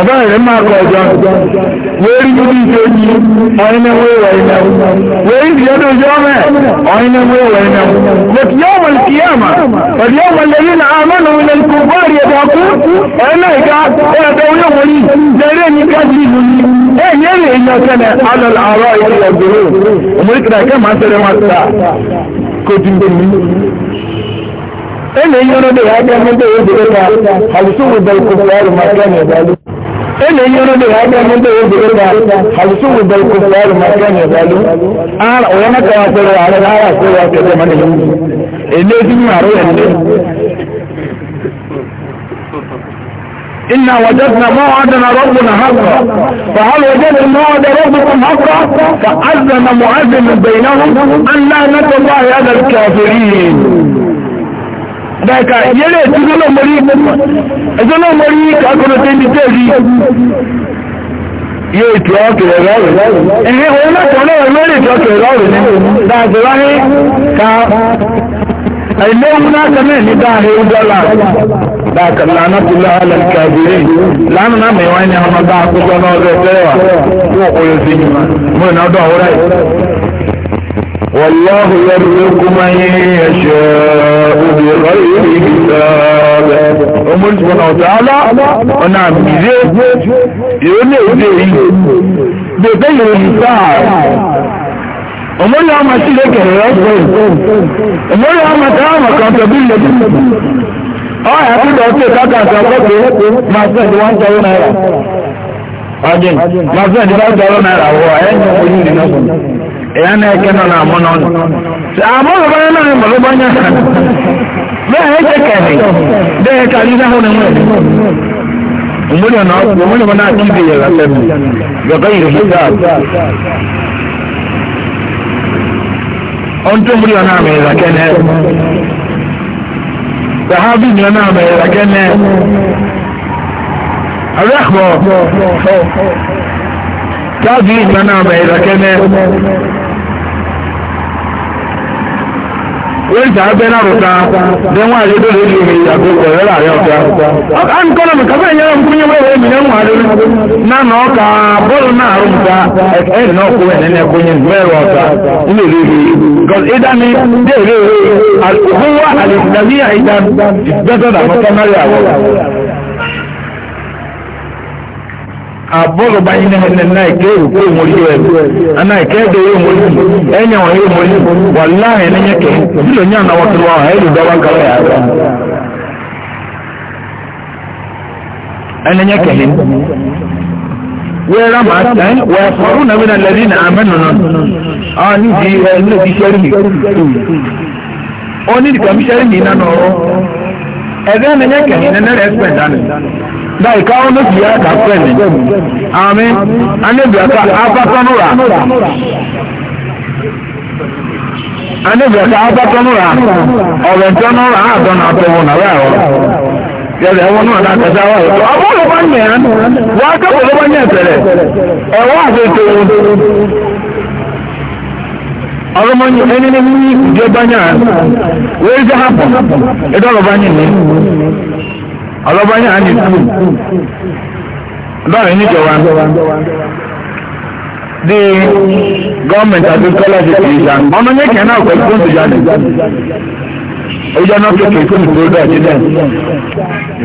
ọba rẹ̀ máa kọ ọjọ́ wérí níbi ìkejì ọ̀yìnẹ́wé ìwẹ̀ ìnáwó wérí ìdíyẹ́dọ̀ ojú ọmọ ẹ̀ ọ̀yìnẹ́wé ìwẹ̀ ìnáwó lọ́tí yóò wọ̀ kíyàmà pẹ̀lú ọmọ lẹ́yìn náà amọ́nà ilẹ̀ kò bá rí ẹ̀dọ̀ ọkú ẹ̀ẹ́nà ìka ẹ̀ẹ́dọ̀ oyún wọ̀ yìí lẹ́rẹ́ ní kájí ìlú yìí ẹ̀yìn èrè èèyàn kẹ́nẹ̀ alọ́lá àárọ̀ ìlú ọ̀gbẹ̀rẹ̀ òmùrìkìlà ẹ̀kẹ́ máa ń tẹ̀lé wọn ta kó dín ẹ̀lẹ́yìn ọ̀rọ̀ dẹ̀ wá bẹ́ẹ̀ mọ́tò yóò dé ká àlùsùn ìbẹ̀rù kò fọ́ àrùn máa kẹ́ni ẹ̀dá lóko ina yi wani da ya ga mun da ya zuwa da halittu mu bai ku fa da makan ya zalu ara o yana kawo ko ra ara ara ko ya ke da mana yin ene din maro ya ne إنا وجدنا موعدنا ربنا حقا فهل وجدنا موعد ربكم حقا فأذن مؤذن بينهم أن لا نتبع هذا الكافرين daga yẹ́lẹ̀ ẹ̀sọ́nà mọ́rí kakọ́nà tẹ́ ní tẹ́rí yóò ìtù ọkẹ̀rẹ̀ rọrùn ẹ̀hẹ́ òun látọ̀ náà lórí ìtù ọkẹ̀rẹ̀ rọrùn ní dáadọ́ráhé ka ilé òun náà kẹ́mẹ̀ ní dáadé ọdọ́là dáka lánà tó láàlẹ̀ kàbírí lánà náà mẹ́wàá ní ọmọ bá akókò náà rẹ̀ fẹ́rẹ̀ wà fún ọkọ̀ yóò sí ní mọ́ ìnáwó والله يرزق من يشاء بغير حساب ọmọdé ṣùgbọ́n ọ̀tàálá ọ̀nà àmìlé ìrólé òde yìí bèbè ìròyìn sáà ọmọdé ọmọ sí ilé kẹrẹ ọgbọ̀n ọmọdé ọmọ tàà mọ̀ kan tọ́bí ilé ọ̀hà àkúdọ̀ ọ̀tẹ̀ kákàtà ọgọ́gbé máa fẹ́ ní wọ́n tọrọ náírà ọdún máa fẹ́ ní wọ́n tọrọ náírà wọ ẹ̀yìn òyìn ìrìnà ya na eke nọ na amụ nọ nụ amụ nọ na naanị mmadụ gbanye ha bẹẹ ẹ jẹ kẹrì bẹẹ kàrí náà wọn wọn òmùnì ọ̀nà òmùnì ọ̀nà àti ìdè yẹ̀rọ sẹ́mi gbẹ̀gbẹ́ yìí rẹ̀ dáa ọ̀n tó òmùnì ọ̀nà àmì ìrà kẹ́nẹ́ sàhábì ní ọ̀nà àmì ìrà kẹ́nẹ́ arẹ́kọ̀ọ́ tábìlì ní ọ̀nà àmì ìrà kẹ́nẹ́. wọ́n ìjà abẹ́ náà rọ̀ta dẹ́wọ́n àyẹ́dọ́ lórí omi ìyàgò pẹ̀lú àárẹ̀ ọ̀gá. a ń kọ́ lọ́mù kàfẹ́ ìyẹn ń kúnyẹ́ wẹ́wẹ́ mi lẹ́wọ̀n àdó nánà ọkà bọ́ọ̀lù náà rọ̀ mùta ẹ̀ẹ́dì náà kó ẹ̀nẹ́ ẹ̀kọ́ yẹn mẹ́rọ ọ̀gá nílé ìdáni dé rere abọ́lọ̀ bá yín náà náà ike òkú ìmọ̀lú ẹ̀ ana ike ẹ̀dẹ̀ yóò mọ̀lú ẹ̀yẹ̀ wọn wala mọ̀lú wà láàyè ní yẹ kẹ́ nílò ní àná wọ́tí wọn ẹ̀lú dábàá kàwé àgbà. ẹni yẹ kẹ́ ní. wẹ́ẹ́rẹ́ àmà ẹ̀ wẹ́ẹ́ na náà wíná lẹ́rìí náà amẹ́nu náà ọ̀ níbi ẹ̀ nílò bí sẹ́rì mi ó ní ìdìkàmísẹ́rì mi náà nọ dai kawo na ziyara ka kwani amin annabi aka afatanura annabi aka afatanura ọ̀rẹ̀ntẹ́nura àdọ́nà àtọwọ́ nàwẹ́ àwọn yẹlẹ ẹwọn náà náà kẹta wà lọ ọmọ ló bá nyẹ ẹ wọn akẹkọọ ló bá nyẹ ẹsẹlẹ ẹwọn àfẹsẹ wọn ọlọmọ ẹni ní wíwí ìjọba nyà wọ́n ẹ jẹ́ hapọ̀ ẹ dọ́rọ̀ bá nyẹ ní ọlọ́bọ̀ yẹn á ní sùn báyìí níjọba di gọọmenti àti kọlẹ́jì kìí jà ọmọ yẹn kìí náà pẹ̀lú fóònù jáde ojú ọ̀nà tó kìí fóònù tó dọ̀ jíjẹ.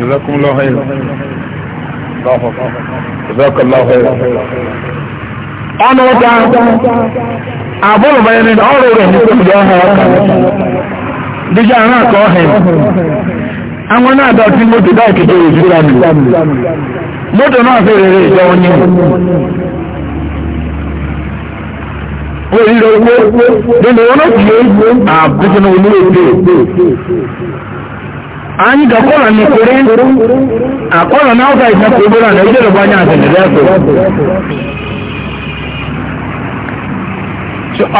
ìzọkùnlọ́hẹ́ ìzọkùnlọ́hẹ́ ọ̀nà ọ̀dà àbọ̀lù bẹ́ẹ̀ ni ọ̀rọ̀ rẹ̀ ní sọ́kùnlọ́hẹ́ ọ̀kà díjà náà kọ́ hẹ̀ àwọn náà dá ọtí mọ́tò báyìí kékeré ìjọba mi mọ́tò náà fẹ́ rere ìjọ wọn ní wọ́n yí lọ wó nínú wọn náà kìí àbújọ náà olúwe dé anyị gakwara n'ekpere akwara na ọga ịsa ka obere ala ijere bụ anya azịnịrị afọ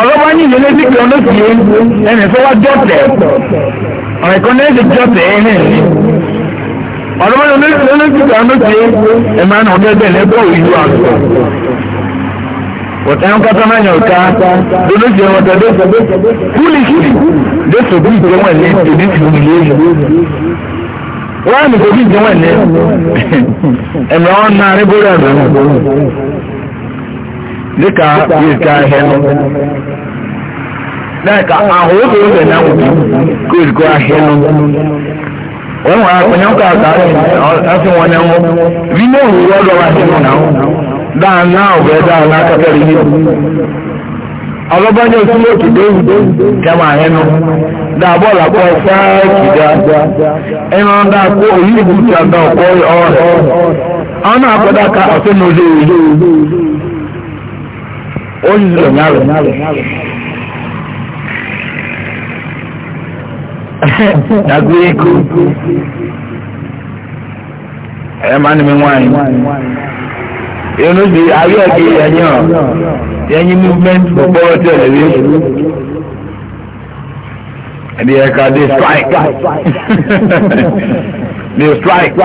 ọlọ́wọ́ anyị nyere dịka ọlọ́tìye ẹnẹfẹ́ wa dọ́tẹ̀ ọ̀rọ̀ ìkọ́ni ẹ̀ ti jọ tẹ̀ ẹ́ hẹ̀ ní. ọ̀rọ̀ wọn ló ti gbà ló ti ẹ̀ máa nà ọ̀dọ́ ẹgbẹ́ lẹ́gbọ́ ìlú àgbọ̀. wọ̀tá ń kọ́tọ́ náà yàn ká lórí ti ẹ̀wọ̀n tẹ̀lé kúlìkì lóṣù bí ìjẹ́wọ̀n ní ìdí ti wù mí wọ́n á nìkó bí ìjẹ́wọ̀n ní ẹ̀mọ́ ọ̀nà àrígbórí àgbẹ̀ náà dika yìí ká ẹ̀hẹ́ daka ahụ oge oge na nwụchi kuzgo ahịa nụ wọn wọn akpọnyẹ nkọ aka ọsẹ wọn ẹwọ bi ní òwú ọdọ wa sí wọn náà dáa náà ọbẹ dáa náà kẹkẹrẹ yìí ọlọba ní oṣù lóòtù déwù kẹmà ẹnu dáa bọọlù akọ ọfẹ kìdá ẹnu dáa kó òyìn ìbùtù àgbà ọkọ ọrẹ ọ náà akọdá ka ọsẹ ní ojú ìlú oṣù lọ nyàlẹ. dàgbé kú ẹ má ni mi wáyé inú sí ayé ẹ̀kí ẹ̀yìn ọ̀ ẹ̀yìn movement gbogbo ọtí ẹ̀rí ẹ̀dí ẹ̀ka dey strike dey strike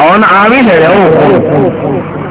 àwọn àárín ẹ̀rẹ̀ òkú.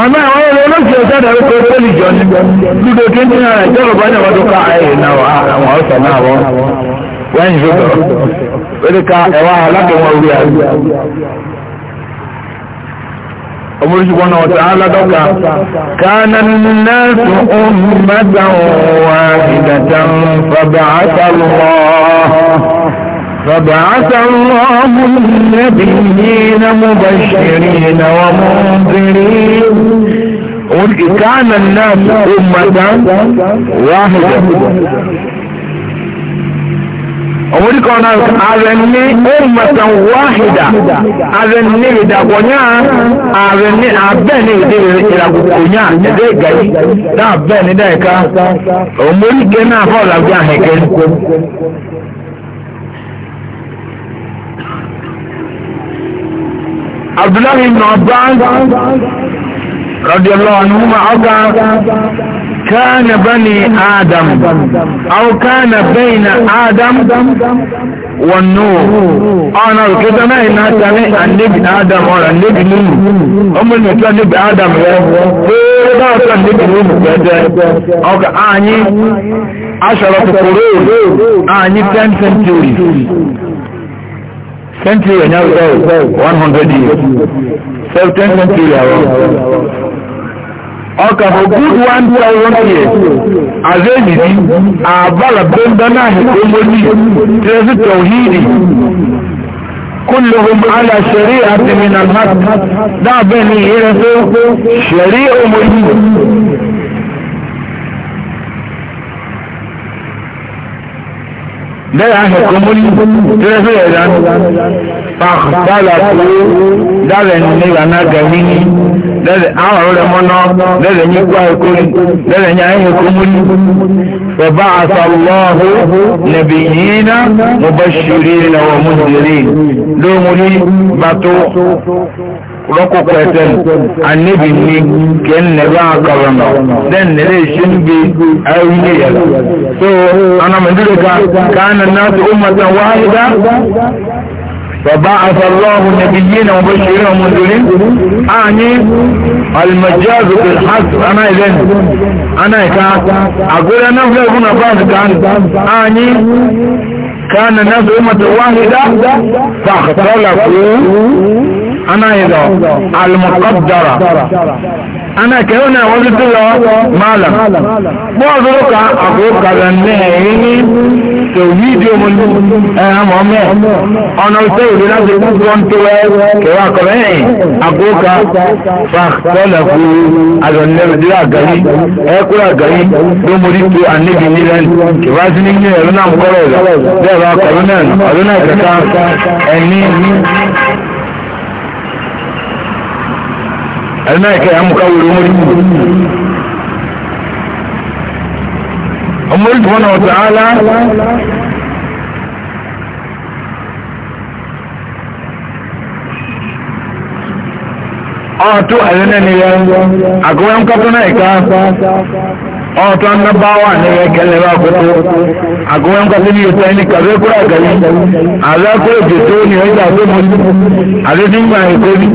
àmì àwọn ọ̀rọ̀ olóṣèlú ọ̀sán ẹ̀rọ kò tó lè jọ ní gbogbo tó ń dín ara ìjọba bá ní àwọn tó ká ayé náà àwọn ọ̀sán náà wọ́n wọ́n yìí lọ́tọ̀ wọ́n ká ẹ̀wà alákẹ̀wọ̀n orí àgbẹ̀. ọmọlóṣù wọn náà tàn án kánà nínú sùn mẹ́ta wà ìdàtàn fàbà àtàlùmọ́. فبعث الله النبيين مبشرين ومنذرين قل كان الناس أمة واحدة àwọn oríkọ̀ náà ààrẹ ní ọmọọ̀tàn wáhìdà ààrẹ ní ìdàgbọ̀nyá ààrẹ ní abẹ́ni ìdí ìràgbọ̀nyá ẹ̀dẹ́ ìgbàyí dáàbẹ́ni dáìka òmóríkẹ́ náà fọ́ọ̀lá bí àhẹ̀kẹ́ abdullahi ibn abbas radiyallahu anhu ma ọgá كان بني آدم أو كان بين آدم والنور أنا كده ما هنا تاني النبي آدم ولا النبي نور أم المتوى النبي آدم فيه ده النبي نور كده أوك أني عشرة قرون أني 10 centuries century ẹ̀yà ọ̀dọ́ one hundred years seventeen century àwọn. ọkà for good one thousand years àzẹ́yìn ní àbálà bẹ́ńbẹ́ náà ìgbóngbó ní tẹ́sí tọ̀hídì كلهم على شريعة من الحق دع بني إلى شريعة مهمة bẹ́ẹ̀ ahẹ̀kọ́ múlí tẹ́lẹ́fẹ́ ẹ̀dá pàkàlàkó dáre ní ìlànà gẹ̀mí ní lẹ́rẹ̀ àwọn ọ̀rẹ́ mọ́ná lẹ́rẹ̀ ní gbá ẹ̀kọ́ ní lẹ́rẹ̀ ní ahẹ̀kọ́ múlí bàbá àtàlọ́hù nàbì yìí ná mo bá ṣeré lọ́wọ́ mú rọ́kò pẹ̀tẹ́ àníbi ní kí n nẹ̀bá àkàrọ̀nà dẹ́n nílé ṣe ń gbé ayé ní yẹ̀lá so anamọ̀dúró ka káàna náà tó ó mọ̀tàn wáyédá bàbá àfàlọ́hù nàbí yìí na wọ́n ṣe rí ọmọ ìdúrí àní alìmọ̀jáàzù kò hàtù aná ìlẹ́nu aná ìka àgbẹ̀rẹ̀ náà fẹ́ fún àbáàzù kan àní káàna náà tó ó mọ̀tàn wáyédá fàkàtàlà kú ana yi lọ alimọkọdara ana kẹwọn náà wọn tún lọ maala bọọlù lóka àkókò ní ẹyìn ní tòwídìí omi ẹ àmọ mẹ ọ̀nà ìṣe ìlú láti kú wọn tó ẹ kẹwàá kọlẹ ẹyìn àkókò fàtọlẹ fún azọnilẹrù dídá àgàyí ẹ kúrò àgàyí lómọdé tó àníbi nílẹ kẹwàá sí ní yẹn ẹlú náà ń kọrọ ẹ lọ bẹ́ẹ̀ bá kọlọ náà ọdún náà kẹta ẹni. ẹ̀nà ẹ̀kẹ́ àmúká wèrè ọmọdé ọmọdé wọn náà tàá lá ọ̀tọ́ ẹ̀yẹ́nẹ́ ni yẹ àkọwẹ́ ń kọ́kọ́ náà ẹ̀ká ọ̀tọ́ annabawa ni yẹ kẹlẹ̀ bá kótó àkọwẹ́ ń kọ́kọ́ ní yẹta ẹni kàwé kúrò àgàyí àlẹ́ kúrò jètò ní ọjà tó mọ́ àdéjúmọ̀ ẹ̀kọ́ ní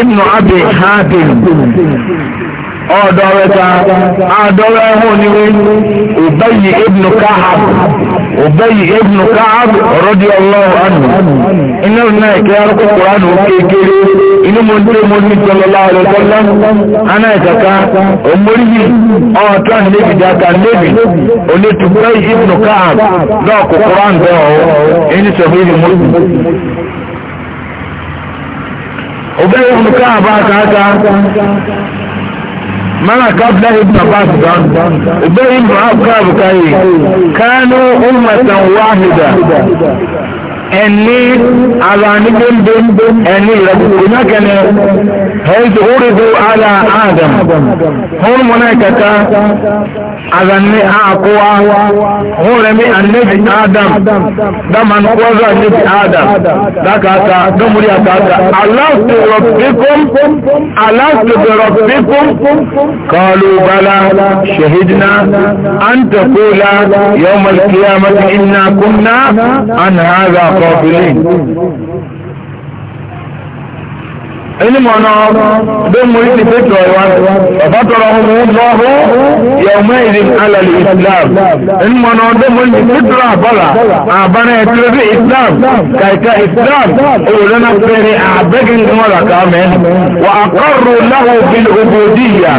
ibnu abi hatim ọdọwẹta adọwẹ ẹhún ni wí ubayi ibnu kahab ubayi ibnu kahab rọdí ọlọrun anu iná nínú ẹkẹ arúgbó kuranu kékeré inú mo ní mo ní tọlọlá ọlọtọlá aná ìtàkà omoriyi ọtọ níbi dáka níbi onétùbẹyì ibnu kahab lọọkù kuranu bẹ ọwọ ẹni sọ fún ìdí mọtò. Ubay ibn Ka'ab aka mana ka Abdullahi ibn Abbas ba Ubay ibn Ka'ab kai kanu ummatan wahida ẹni ara ní gbóngbó ẹni ìrẹ̀kùnkùn náà kẹ́ni ẹ̀ẹ́sì orígun ara adam hún mọ́nà ìkẹta ara ní àkọwà hún rẹ̀mí àníbi adam dáma ní kọ́ọ̀rọ̀ àníbi adam dákàtà dọ́múrí àkàtà aláàtùrọ̀bíkún aláàtùrọ̀bíkún kọlu bala shahidna an takula yawmal الغافلين علمنا بمريد فترة ففترهم الله يومئذ على الإسلام علمنا بمريد فترة بلا أعبنا يتلف الإسلام كيك إسلام أولنا بني أعبك ولا كامل وأقروا له بالعبودية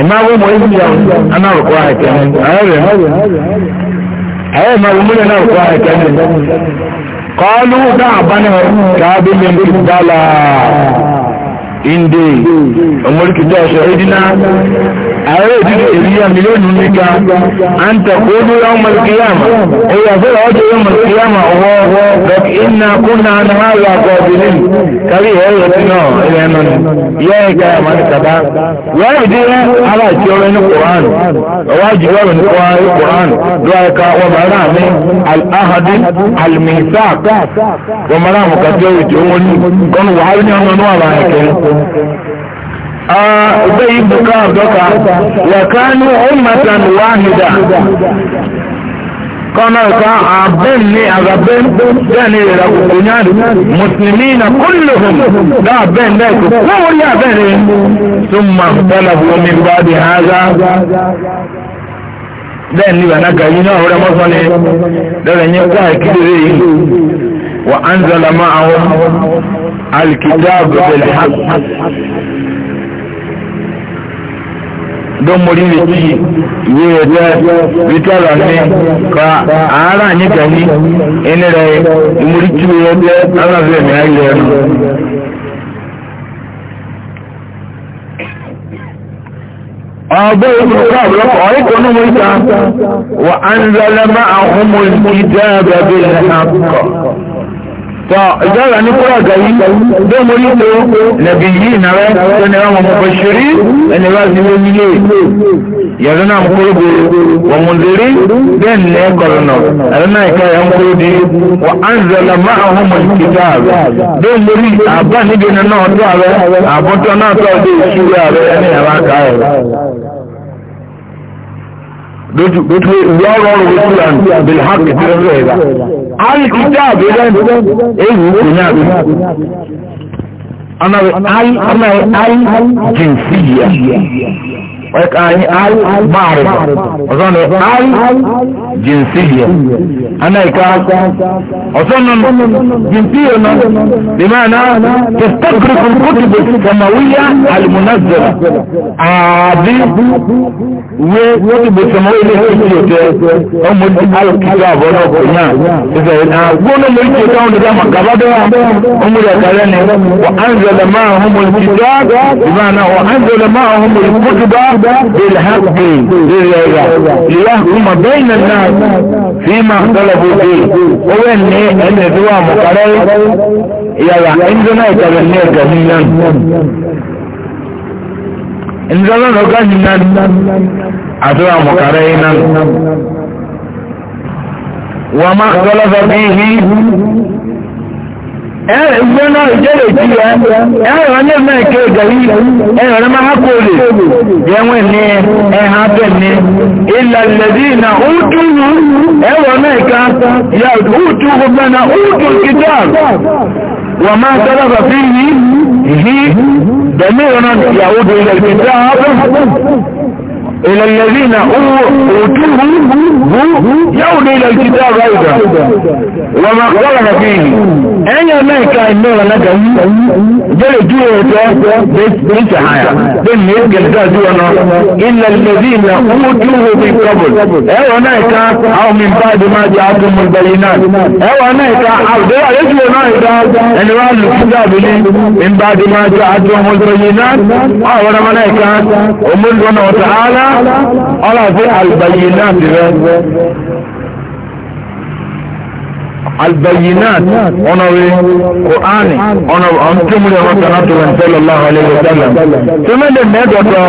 ẹ̀ma wọ́n mọ̀ ẹ́bí yà ọ́nà àrùkọ́ àìkẹ́mi ayẹ́rẹ́ ayẹ́rẹ́ máa wọ́n múlẹ̀ náà àrùkọ́ àìkẹ́mi kọ́ ló dáa bá náà káàbí mi ń fi dálà inde ọmọlùkìtọ́ ọ̀ṣọ́ ìdínà ààrẹ ìdíje ìrìyà mílíọ̀nù nìka àǹtà kóódú yọ mọ̀lùkìyàmà ẹ̀yà fẹ́rẹ̀ ọjọ́ yọ mọ̀lùkìyàmà ọwọ́ dọ̀k iná kúnà náà yà gọ̀ọ̀bìnì kárí ẹ̀rọ tí náà ẹ̀rẹ́ nù ní yẹ ẹ̀ka àmà ní kàbá wọ́n ìdí rẹ̀ ara ọrẹ ní kùránù ọwọ́ àjùlọ rẹ̀ ní kùránù dọ́ ẹ̀ka wọ́n زي بن كعب وكانوا أمة واحدة kọ́nà ìka àbẹ́n ní àgbàbẹ́n bẹ́ẹ̀ ni ìrẹ̀ kòkò nyáàdù mùsùlùmí na kúlùhùn láàbẹ́n bẹ́ẹ̀ kò kó wọ́n ní àbẹ́n rẹ̀ tó mà fún omi bá di háza bẹ́ẹ̀ ni ìbànú àgàyí náà rẹ̀ mọ́sán ni lọ́rẹ̀ وأنزل معهم الكتاب بالحق don mori ne ci yi wata bitara ne ka ara ne ka ni ene da yi muri ci wata ana zai mai hanyar yana ọgbẹ́ ìgbòkà ọ̀pọ̀lọpọ̀ ọ̀rẹ́ kan ní mori ta wa an zalama ahumul kitab bil haqq ìjọba ní kúrò gàyí tó mo rí tó nàbí yìí nàrẹ tó ní wọn mọ̀ bọ̀ṣẹ̀rí ẹni wá sí ló nílé yàrá náà kúrò bò wọ́n mú lérí bẹ́ẹ̀ ní ẹ kọ̀rọ̀ nà ẹ̀rọ náà ìka ẹ̀ ń kúrò di wọ́n á ń zọlá má àwọn ọmọ ìkíkà rẹ̀ tó mo rí àbá níbi iná náà tó àrẹ àbọ̀tọ́ náà tó àdé ìṣúwé àrẹ ẹni àrá ká ẹ̀ lójú ìwé ọ̀rọ̀ ọ̀rọ̀ wíṣúlẹ̀ bilhak ti الكتاب ايه انا اي انا اي جنسيه ويكاني آل معرض وظن آل جنسية أنا يكاد وظن جنسية بمعنى تستغرق الكتب السماوية المنزلة عادي وكتب السماوية الكتب هم الكتاب ونوكونا إذا قولوا ملكي كون إذا مقابلهم هم يكالني وأنزل معهم الكتاب بمعنى وأنزل معهم الكتب بالحق بالرأي ليحكم بين الناس فيما اختلفوا فيه هو ان ان دوا مقرر يا يا عندنا يتبنى كمينا عندنا نقلنا أدوا مقررنا وما اختلف فيه ẹ̀rẹ̀ gbọ́nà ìjẹ́lẹ̀ tí ẹ ẹ̀rọ ní mẹ́ẹ̀kẹ́ ìgbẹ̀rí ẹ̀rọ ní máa kò lè ẹ̀wọ̀n ní ẹ̀hà bẹ̀ ní ìlàlẹ̀dí na ọdúnrún ẹ̀rọ mẹ́ẹ̀ká yà ọdún gbogbo na ọdún kìtà wọ́n máa sọ́lọ́fà fi yìí ìhí bẹ̀mí ìrọ̀nà الى الذين اوتوه يعود الى الكتاب ايضا وما اختلف فيه اي ما كان نور لك جل جوه بس حياة دم يبقى لك جوانا الا الذين اوتوه من قبل اي هناك او من بعد ما جاءتهم البينات اي هناك او ده يجوا هناك انواع الكتاب من بعد ما جاءتهم البينات او هناك امر وتعالى ọlọ́run fún àlùbáyé náà ti rẹ albayinat ọ̀nàwé kùránì ọ̀nàwé ọ̀ntúnmùrẹ̀ ọ̀sán àtúwẹ̀ sọ́lọ́láhùn alẹ́gbẹ̀sẹ́lẹ̀ tí mẹ́lẹ̀ mẹ́dọ̀tọ̀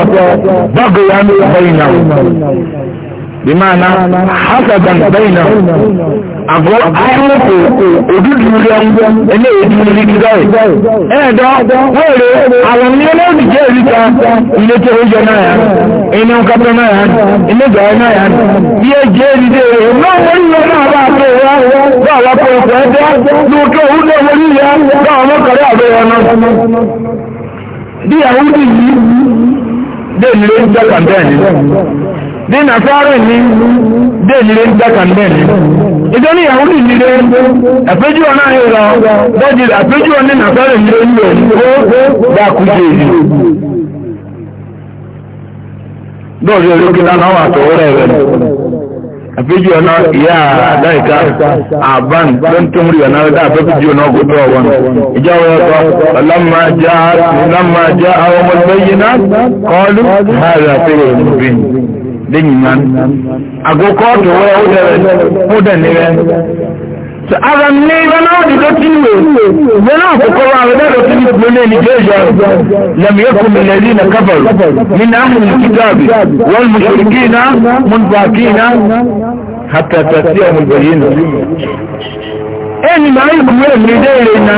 bọ́gùn yánú bẹ́yìn náà bimana hasadan bayna àgọ́ ayọ́pọ̀ òdúdú rí ọmọ ilé ìdí orí gíga ẹ̀ ẹ̀ẹ́dọ́ wẹ́rẹ̀ àwọn mílẹ̀ òdì jẹ́ ìríta ilé tó ó jẹ náà inú kápẹ́ náà ilé ìgbà náà bí ẹ jẹ́ ìdíde rẹ̀ náà wọ́n yíò náà bá pé wá bá wà pé ọkọ̀ ẹ̀dá lóòótọ́ òun náà wọ́n yíya bá wọn mọ́kànlá àbẹ́ wọn náà bí àwọn ìdí yìí dé ìlú ìjọ kàńtẹ́ẹ̀nì ní nàfẹ́rẹ́ ní dé ìlérè gbẹ́kànlẹ́ ní ìjọ ní ìyàwó ní ìlérè àpéjú ọ̀nà ìrọ̀ bọ́jì àpéjú ọ̀nà nàfẹ́rẹ́ ní ìlérè ó dákújẹ́ ìlú lọ́ọ̀rí olókè lánàá wà tó rẹ̀ rẹ̀ àpéjú ọ̀nà ìyá àdáìká àbán ló ń tún rí ọ̀nà rẹ̀ dáa àpéjú ọ̀nà ọgọ́dọ̀ wọn ìjáwé ọkọ̀ ọ̀làmà já àwọn ọmọ ìgbẹ́yìn náà kọlu láàrin àpéjú ọ̀nà lẹ́yìn nan àgókọ́ tó wẹ́ ó dẹ̀rẹ̀ ó dẹ̀ níbẹ̀. So ara ní ìgbẹ́nà òdìdó tí ń wè ìgbẹ́nà àkókò wa rẹ̀ dẹ̀rọ sí ní ìpínlẹ̀ ní Jésù lẹ́mí ẹkùn mi lẹ́rí na kábàrù ní náà hùn kítàbì wọ́n mú ṣòríkì náà mú bàkì náà hàtàtà sí ọmọ ìgbẹ̀yìn náà ẹni máa ń gbúrò ní ilé ìrìnà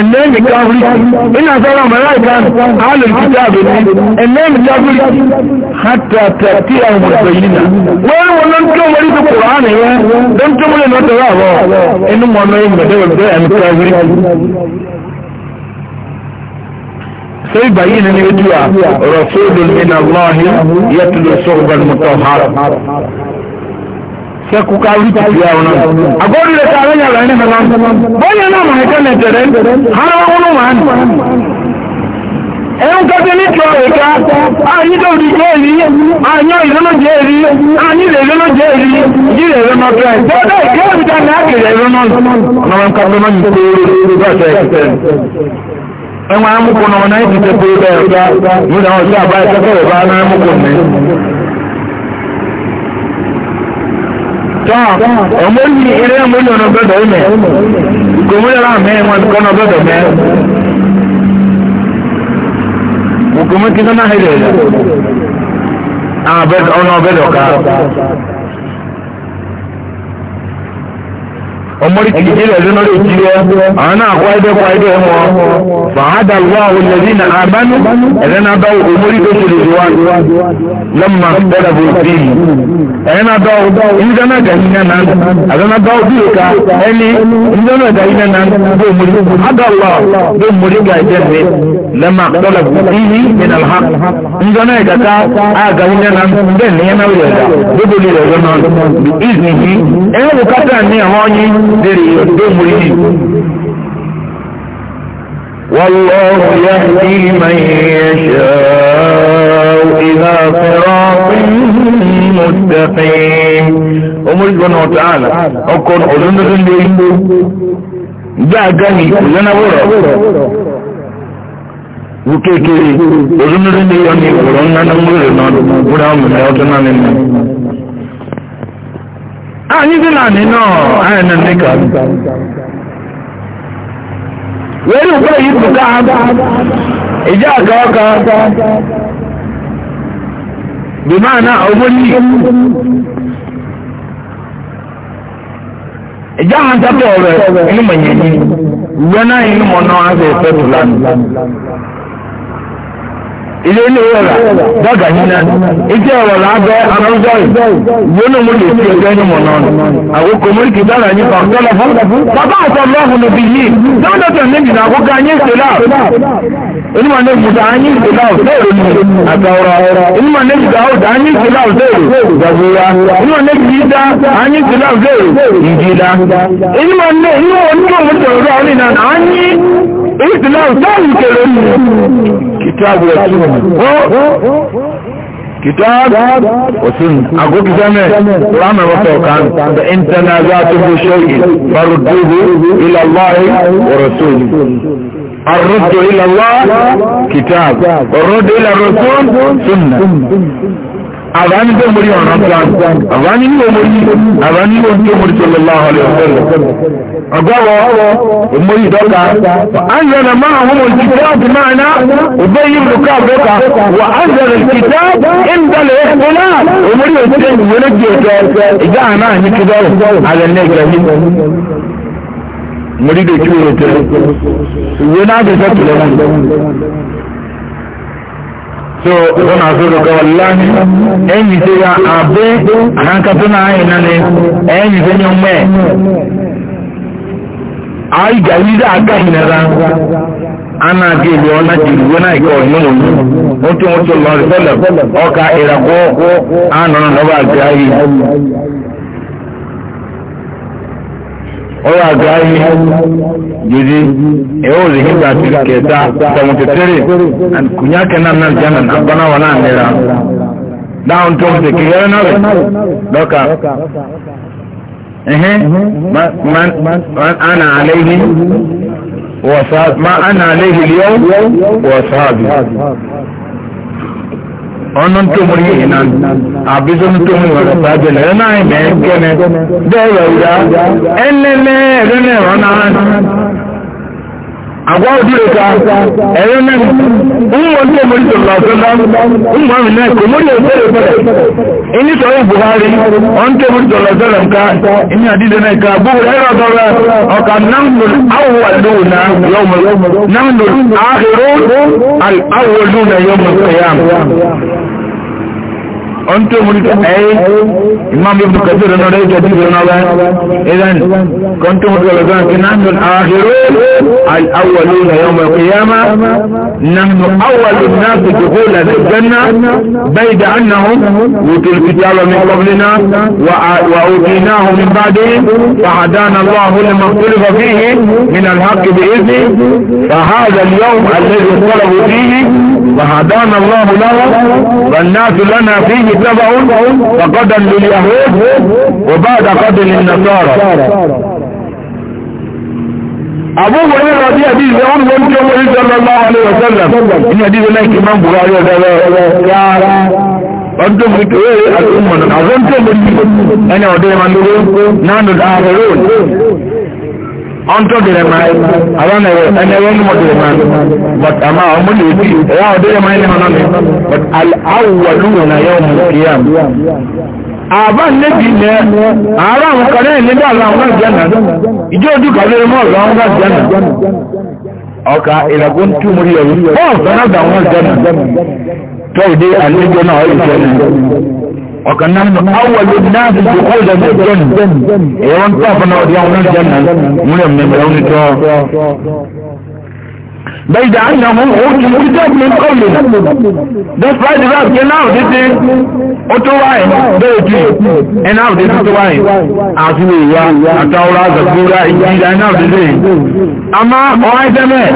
ẹ̀lẹ́mì káfíríkì iná sọ́rọ̀ mẹ́láìká alòkìtà àbẹ̀lẹ́ ẹ̀lẹ́mì káfíríkì hátàtà tí a mọ̀ ìgbẹ̀yìnà wọ́n wọ́n ló ń tó wọlé tó kòrò ánà yẹn ló ń tó wọlé náà tọ́rọ àwọ̀ inú mọ̀nà ìgbẹ̀dẹ̀gbẹ̀ ẹ̀mí káfíríkì sai sai ku kawo ki biya wannan a gori da tare ya ranar da nan bayan na mai kan da ran har wani man ẹ̀rùn kẹ́kẹ́ ní tí ó rẹ̀ ká ààyí tó rí jẹ́ èrí ààyí ìrẹ́nà jẹ́ èrí ààyí ìrẹ́nà jẹ́ èrí ìjírí ìrẹ́nà tẹ́ tọ́dọ̀ ìjẹ́ òjìdá ní àkèrè ìrẹ́nà ọmọ nǹkan mọ́ ní pé rẹ̀ ẹwọ̀n amúkùn ọmọ náà ti tẹ́ pé bẹ́ẹ̀ ọmọ ní ilé ẹmọ ilé ọ̀nà gbọ́dọ̀ ilẹ̀ ìgbòmúlẹ̀rà mẹ́rin wọn kọ́ ọ̀nà gbọ́dọ̀ mẹ́rin ìgbòmú kí sọ́nà ilẹ̀ ah, ọ̀nà ọ̀bẹ̀dọ̀ ká ọmọrí ti ìjìnlẹ̀ lónà lè jí rẹ àwọn náà kọ́ ẹgbẹ́ kọ́ ẹgbẹ́ wọn fàádà wà ó lẹ́bí na àbánú ẹ̀rẹ́ náà bá ọmọrí tó ṣe lè wá lọ́mà bẹ́ẹ̀ bó bí i ẹ̀rẹ́ náà bá ìjọba gàyí náà àti náà bá bí òkà ẹni ìjọba gàyí náà bó ọmọrí àdà wà bó ọmọrí gà ẹ̀jẹ̀ mi lẹ́mà bẹ́ẹ̀ bó bí i nínú àlhà ìjọba ìkàkà àgàyí náà bẹ́ẹ̀ ní ẹ̀ dèrè ọdọ múri والله يهدي من يشاء إلى صراط مستقيم أمر سبحانه وتعالى أكون أولونا ذنبي جاء قاني لنا ورا وكيكي أولونا ذنبي أني أولونا نمر نمر نمر نمر نمر نمر anyị dị na anị nọ anyị na ndị ka were ụgbọ yi pụta eji aka ọka dị mana ogboni eji aha ntapị ọrụ ịnụmanye ni uwe na anyị nụmọ nọ ha ga-efe fulani ilé ilé ọ̀la dọ́gà yín náà ìjẹ́ ọ̀la abẹ́ anọ́jọ́yì yónú mo lè fi ẹgbẹ́ ní mọ̀ náà nù. àwọn kòmórì kì í dára yín kan tọ́lọ̀ fún. bàbá àtọ̀ lọ́hùn ní bí yìí dáńdọ̀ tẹ̀ níbi náà kókó ayé ìṣẹ̀lá. onímọ̀ ní ibùdó ayé ìṣẹ̀lá òṣèlú ni àtọ̀rọ̀. onímọ̀ ní ibùdó ayé ìṣẹ̀lá òṣèlú gbàgbóra. onímọ̀ ní ibùdó ayé ìṣẹ̀lá òṣèlú ìjìlá. onímọ̀ ní islam sáàrùn kèrè ní kìtàbù ọ̀tún kìtàbù ọ̀tún agókìsẹ́mẹ̀ rámẹ̀wọ́tọ̀ kan the international social farudubu ilàláhì ọ̀rọ̀sọ́lù الرد إلى الله كتاب والرد إلى الرسول سنة àbáni tó mórí ọ̀nà plan àbáni ní omori àbáni ní oúnjẹ omori tó lọ́lá ọ̀lẹ́ ọ̀fẹ́lẹ̀ ọgọ́rọ̀ ọ̀rọ̀ omori ìdọ́ka anzẹ̀rẹ̀ máa hùmù ìkìtẹ́ ọ̀tí máa ná òbẹ́ yìí lùkà bẹ́ka wà anzẹ̀rẹ̀ ìkìtẹ́ ìndẹ̀lẹ̀ ìkúnlá omori òtí ìwé lẹ́gbẹ̀ẹ́ ọ̀tọ̀ ìjà àná àyíkídọ́rù àlẹ́nẹ́gbẹ̀ẹ́ yìí so wọn àti olùkọ́ wàláni ẹ̀yìn tí ya àbẹ́ àhánkàtó náà ẹ̀yìn ni ẹ̀yìn tí yẹn mẹ́ àìjà yíyá àgáyìn náà ana ge ìlú ọ̀nà jìrì wọn náà ikọ̀ ìlú wọn wọn tí wọn tó lọ rí sọlẹ̀ ọkà ìràkọ́ ànà lọ́wọ́ àgbáyé ọwọ́ àgbà yìí gidi ẹ̀họ́ e òrìhìn gbà tí kẹta seventy three and kùnyà kẹ́nà náà jẹ́nà àbáná wà náà nira dáhùn tó ń ṣe kì í yẹn náà rẹ̀ lọ́kà ẹ̀hìn ana àléhì ma ana àléhì lẹ́yìn wọ̀sáàbì ọ̀nà tó mú yìí náà àbísọ́ tó mú ìwọ̀n ẹ̀fà jẹlẹ̀ ẹ̀ náà ẹ̀mẹ́ kẹ́nẹ́ bẹ́ẹ̀ yọ̀ ìyá ẹ̀nẹ́nẹ́ ẹ̀rẹ́nẹ́ ọ̀nà àgbà òdúró ka ẹ̀rọ náà ń wọ́n tó mọ́rí tó lọ sọ́lá ń wọ́n mi náà kò mọ́rí òṣèré padà ẹni buhari wọ́n tó mọ́rí tó lọ nǹka ẹni àdídẹ́ náà ká gbogbo ẹ̀rọ tọ́lá ọ̀ka náà yọmọ náàmùn náà yọmọ ọ̀ntò mọ̀lítà ẹ̀yẹ imam ibn kasir ọ̀nà rẹ̀ jẹ́bi ọ̀nà rẹ̀ ẹ̀dán kọ́ntò mọ̀lítà lọ́sọ̀ àti nánú àhírò àwọ̀lù lẹ́yọ̀n mọ̀kìyàmá nánú àwọ̀lù náà ti dùkú lẹ́nu jẹ́nà bẹ́ẹ̀ dà án náà wùtò fìtí alọ́mi kọ́bìnà wà òbí náà hùmí bàdé فهدانا الله لما اختلف فيه من الحق بإذنه فهذا اليوم الذي اختلفوا فيه فهدانا الله له فالناس لنا فيه تبع فقدا لليهود وبعد قد للنصارى أبو هريرة رضي حديث عن النبي صلى الله عليه وسلم إن حديث الله إمام بخاري هذا ọdún mi tó yẹ àti ìmọ̀nà àwọn tó mọ̀ ní ẹni ọ̀dọ́ ìmọ̀ lórí náà nù ààrẹ rẹ̀ ọ̀ntọ́ dèrè máa àwọn ẹni ẹwọ́n mọ̀ dèrè máa but àmà ọmọ lè fi ẹ̀yà ọ̀dẹ́rè máa ní ọ̀nà mi but àwọ̀lúwọ̀n náà yẹ ọmọ kìíyà mi. àbá níbi ilẹ̀ àárọ̀ àwọn kọ̀rẹ́ ìní bí àlọ́ àwọn àjẹ́ náà ìjọ ojú kàwé mọ́ ọ̀rọ̀ àwọn àjẹ́ náà ọkà ìlàgbó ń túmọ̀ rí ọ̀rọ̀ bọ́ọ̀ وكان نحن أول الناس دخولا للجنة أيوان طافنا وديعونا الجنة ملم نمرون تو بعيد عنهم اوتوا الكتاب من قبلنا That's why the verse came out, this is Otuwai, Doji, and now this is Otuwai. Asiwiwa, Ataura, Zakura, Injil, and now this is. Ama, ọ̀hán ìsẹ́mẹ̀,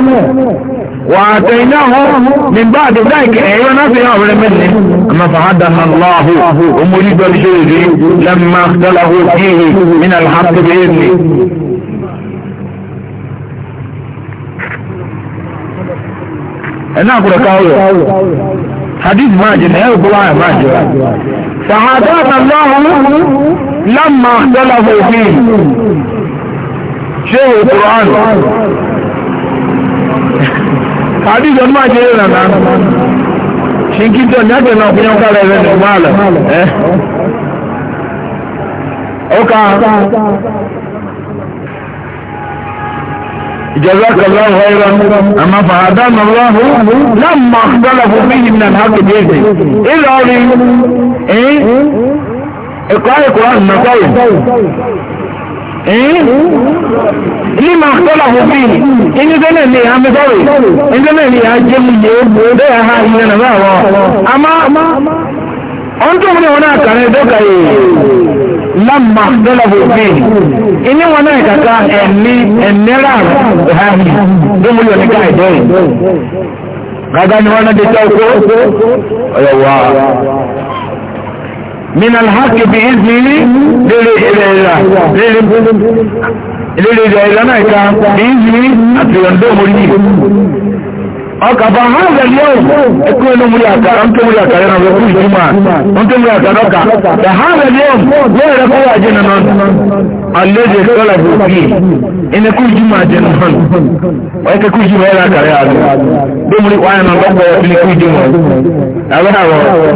wà àtẹ̀yìnà hàn ní bá àti dáìkì ẹ̀yọ́ náà fi hàn rẹ̀ mẹ́lẹ̀. Ama fàhádà náà lọ́hù, omori gbọ́lù ṣe rí lẹ́mà ẹ̀nà àkùrọ̀ káwọ̀ hadith máa jẹ́ ẹ̀rọ kó wáyà máa jẹ́ sàhàdá àtàlọ́hún lámà dọ́là fòfin ṣé o kúrò àrùn hadith ọdún máa jẹ́ ẹ̀rọ náà ṣe kí tó ní àgbẹ̀ náà fún yàn kálẹ̀ rẹ̀ ní ọmọ àlọ́ ẹ̀ ọkà جزاك الله خيرا اما فهدانا الله لما اختلفوا فيه من الحق باذنه ايه القول ايه اقرا القران النصايح ايه لما اختلفوا فيه ان ده اللي عم دوي ان ده اللي عجم يوب ده ها هنا بقى اما انتم هنا كانوا ده lámà lọ́lọ́bù bíi inú wọn náà kàkà ẹ̀mí ẹ̀mẹ́rà ọ̀hánì gbọ́mọlú ọ̀nìkà ẹ̀dọ́ yìí gàgà ni wọn náà dé tọ́kọ́ ọ̀yọ̀ wá min alhaki bi izini lere ilera lere ilera ilana ita bi izini àti ọ̀dọ́ mọ́lì ọkà bá hàn lẹ́lẹ́ ọ̀hún ẹkú ẹnu múlẹ̀ àkàrà ń tó múlẹ̀ àkàrà náà lọ́kùn ìjùmọ̀ ń tó múlẹ̀ àkàrà ọkà ẹ̀ hàn lẹ́lẹ́ ọ̀hún wọ́n rẹ̀ kọ́ wà jẹ́nu náà àlejò sọ́là kò fi ẹni kú ìjùmọ̀ àjẹnu náà wọ́n kẹ́kú ìjùmọ̀ ẹ̀rọ àkàrà yà lọ dómúlẹ̀ wáyà náà lọ́kọ̀ ẹ̀fìlẹ̀ kú ìjùmọ̀ ẹ̀rọ àwọ̀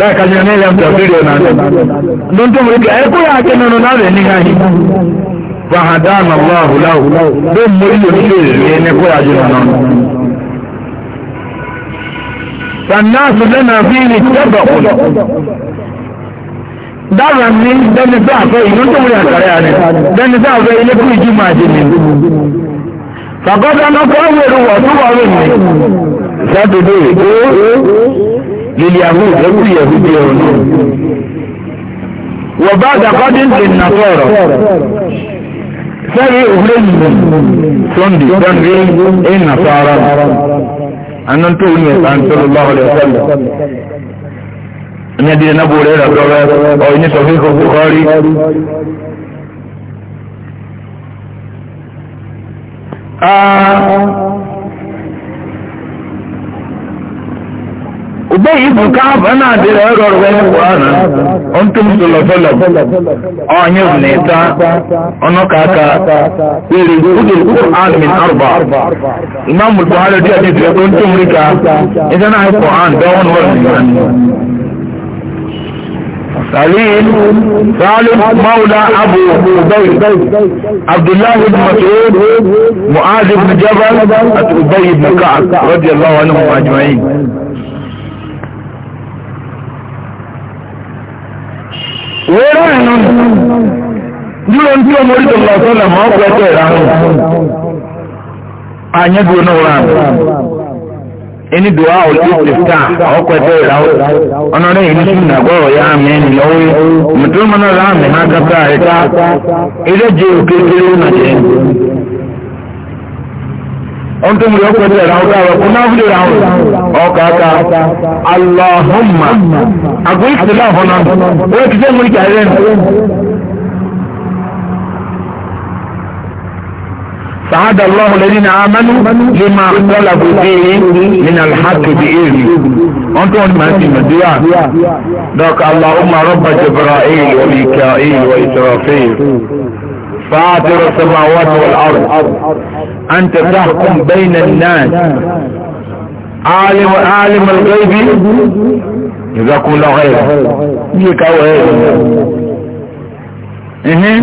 láìka jẹ́ ní ẹ̀yà mùtà fídíò náà lọ́ntọ́mùlẹ̀ kẹ́ ẹ̀kú yà àjẹnu náà rẹ̀ níhàyè fahadana allah lahu bẹ́ẹ̀ mo ilé oníṣẹ́ ìrìn ẹni kó yà àjẹnu náà فالناس lẹ́nà fi ní tẹ́bọ̀kù dára ní bẹ́ni bá àfẹ́ ìlú tó wúlò àkàrẹ́ rẹ̀ bẹ́ni bá àfẹ́ ilé kú ìjú máa jẹ nìyí fàkọ́dá lọ́kọ́ wẹ̀rù wọ̀ tó wà wẹ̀ sátidé ó lílì àwọn ìfẹ́kù yẹ̀kú bí ọ̀nà wọ̀ bá àdàkọ́dí ń tẹ̀ sọ̀rọ̀ sẹ́rí òwúrẹ́ yìí sunday sunday ẹ̀ nà sọ̀rọ̀ annan to ne an sallallahu alaihi wasallam ne dai na bore da dole o ne sahih bukhari ah Ubay ibn Ka'ab ana adịrị ọrụ ọrụ Qur'an ọntụm sọlọsọlọ onye bụ na-eta ọnụ ka aka were udul Qur'an min arba Imam Buhari dị adịrị ọrụ ntụm rika ịza na Qur'an dị ọnụ ọrụ n'iman سليم سالم مولى ابو عبيد عبد الله بن مسعود معاذ بن جبل ابي بن كعب رضي الله عنهم اجمعين wéèrè ẹ̀nà dúró ń tí ọmọ orí tó lọ sọ́nà mọ́ ọ̀pọ̀ ẹ̀tọ́ ìrànú àyẹ́dùn náà rà ẹni dùn á òtí ìfìtà ọ̀pọ̀ ẹ̀tọ́ ìrànú ọ̀nà rẹ̀ yìí sùn nàgbọ́ ọ̀yá àmì ẹni lọ́wọ́ mùtúrùmọ́nà rà àmì náà gábà ẹ̀ta ẹlẹ́jẹ̀ òkè kéré náà ọ̀ntún mi ọkọ̀ tẹ̀ ràn ọ̀gá ọ̀kọ̀ náà fi ràn ọ̀kọ̀ aka alahumma àgbo ìsìlẹ̀ ọ̀hún náà ó ti sẹ́ múlí kàrẹ́ nù. سعد الله الذين آمنوا لما اختلفوا فيه من الحق بإذنه أنتم ما في مدعاء دوك اللهم رب جبرائيل وميكائيل وإسرافيل فاطر السماوات والأرض أنت تحكم بين الناس عالم عالم الغيب إذا كل غير يكو غير إيه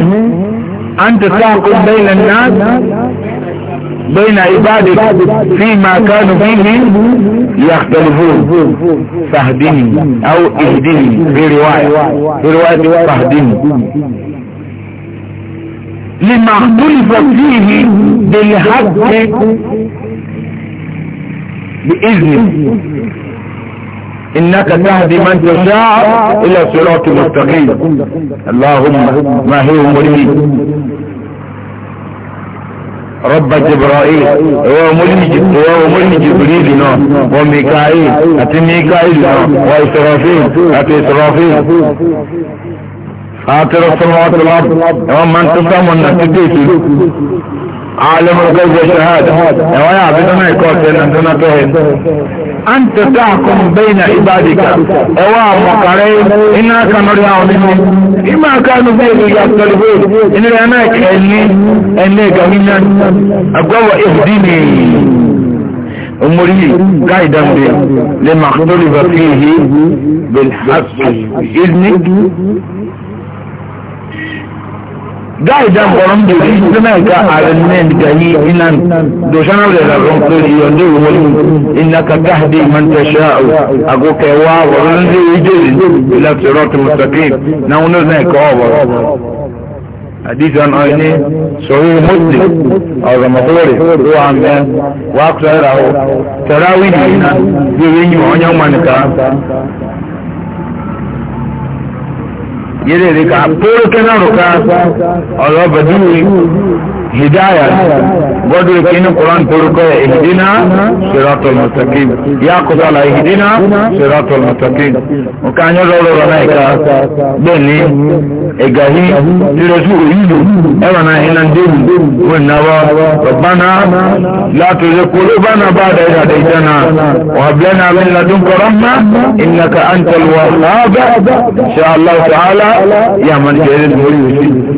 أنت تحكم بين الناس بين عبادك فيما كانوا فيه يختلفون فاهدني أو اهدني في رواية في رواية فاهدني لما اختلف فيه بالحق بإذنه إنك تهدي من تشاء إلى صراط مستقيم اللهم ما هي مريد رب جبرائيل هو ملمج هو جبريل وميكائيل أتي ميكائيل وإسرافيل أتي إسرافيل فاطر السماوات والارض يوم من تسمى النتيجه عالم الغيب والشهاده يا يا بدنا يكون عندنا توهين أنت تحكم بين عبادك أوا مقارين إنا كانوا يعلمون إما كانوا فيه يختلفون إن أنا كأني أني كمين أقوى إهديني أمري قايدا بي لما اختلف فيه بالحق بإذنك gáì dá nkọrọ mbẹ bí sẹmẹ ká ààrẹ nínú ẹnìkà yí iná dòṣánà rẹ rà rọ pé ìyọ̀ndé wọn iná kàkà dé mọ́ntẹ́ṣẹ́ àwọ̀ àgókè wá wọ̀rọ̀ ní ìjẹ́ ìlú láti rọ́ọ̀tì mùsàkì náà wọn náà kọ́ حديث عن عيني صحيح مسلم او رمضوري هو عم واقصى راهو تراوي دينا بيوين يوم يوم yẹ́rẹ́ rẹ̀ ká pérò kẹ́nà rò ká ọ̀rọ̀ bẹ̀dúwì هداية برضو كأن القرآن تقول اهدنا صراط المتقين يا قصال اهدنا صراط المتقين وكان يرى رأيك بني إجاهي لرسول إيدو أبنا هنا ندين والنوى ربنا لا تزغ قلوبنا بعد إذا هديتنا وهب لنا من لدنك رحمة إنك أنت الوهاب إن شاء الله تعالى يا من جهل المريد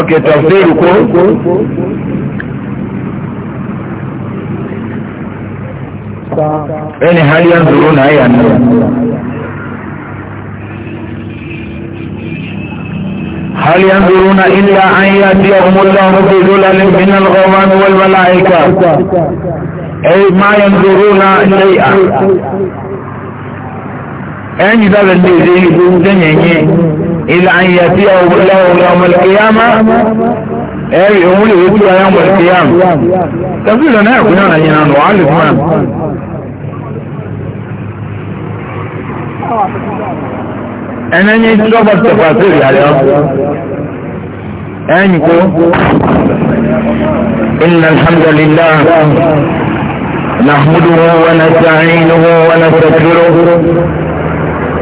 ok tafsiru ko ẹni hali ya zuru na ya nọ هل ينظرون إلا أن يأتيهم الله بذلل من الغمام والملائكة أي ما ينظرون شيئا أين ذا الذي يجب أن إلى أن يأتيه الله يوم القيامة أي يوم يأتيه يوم القيامة تقول أنا يكون أنا هنا أنا ما أنا أنا التفاصيل أنا أنكو إن الحمد لله نحمده ونستعينه ونستغفره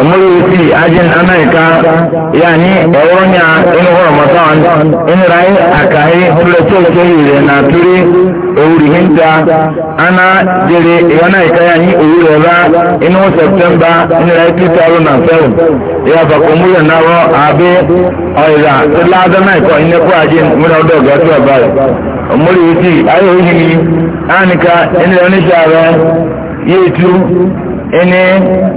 ọmọlú sí ajin amẹ́ríkà yanni ẹ̀wọ́nyà inú ramadan ìnira àkàyè tólẹ́tólẹ́tó yìí na torí òwúrì hinta ana jèrè ìwọ́nà ìka yanni òwúrì ọ̀la inú sẹ̀tẹ̀mbà ìnira two thousand and seven ìyàfà kò múlẹ̀ náwó àbí ọ̀yà tó ládánà ìkọ̀ ìnẹ́kú ajin múlẹ̀ ọdọ̀ gàtú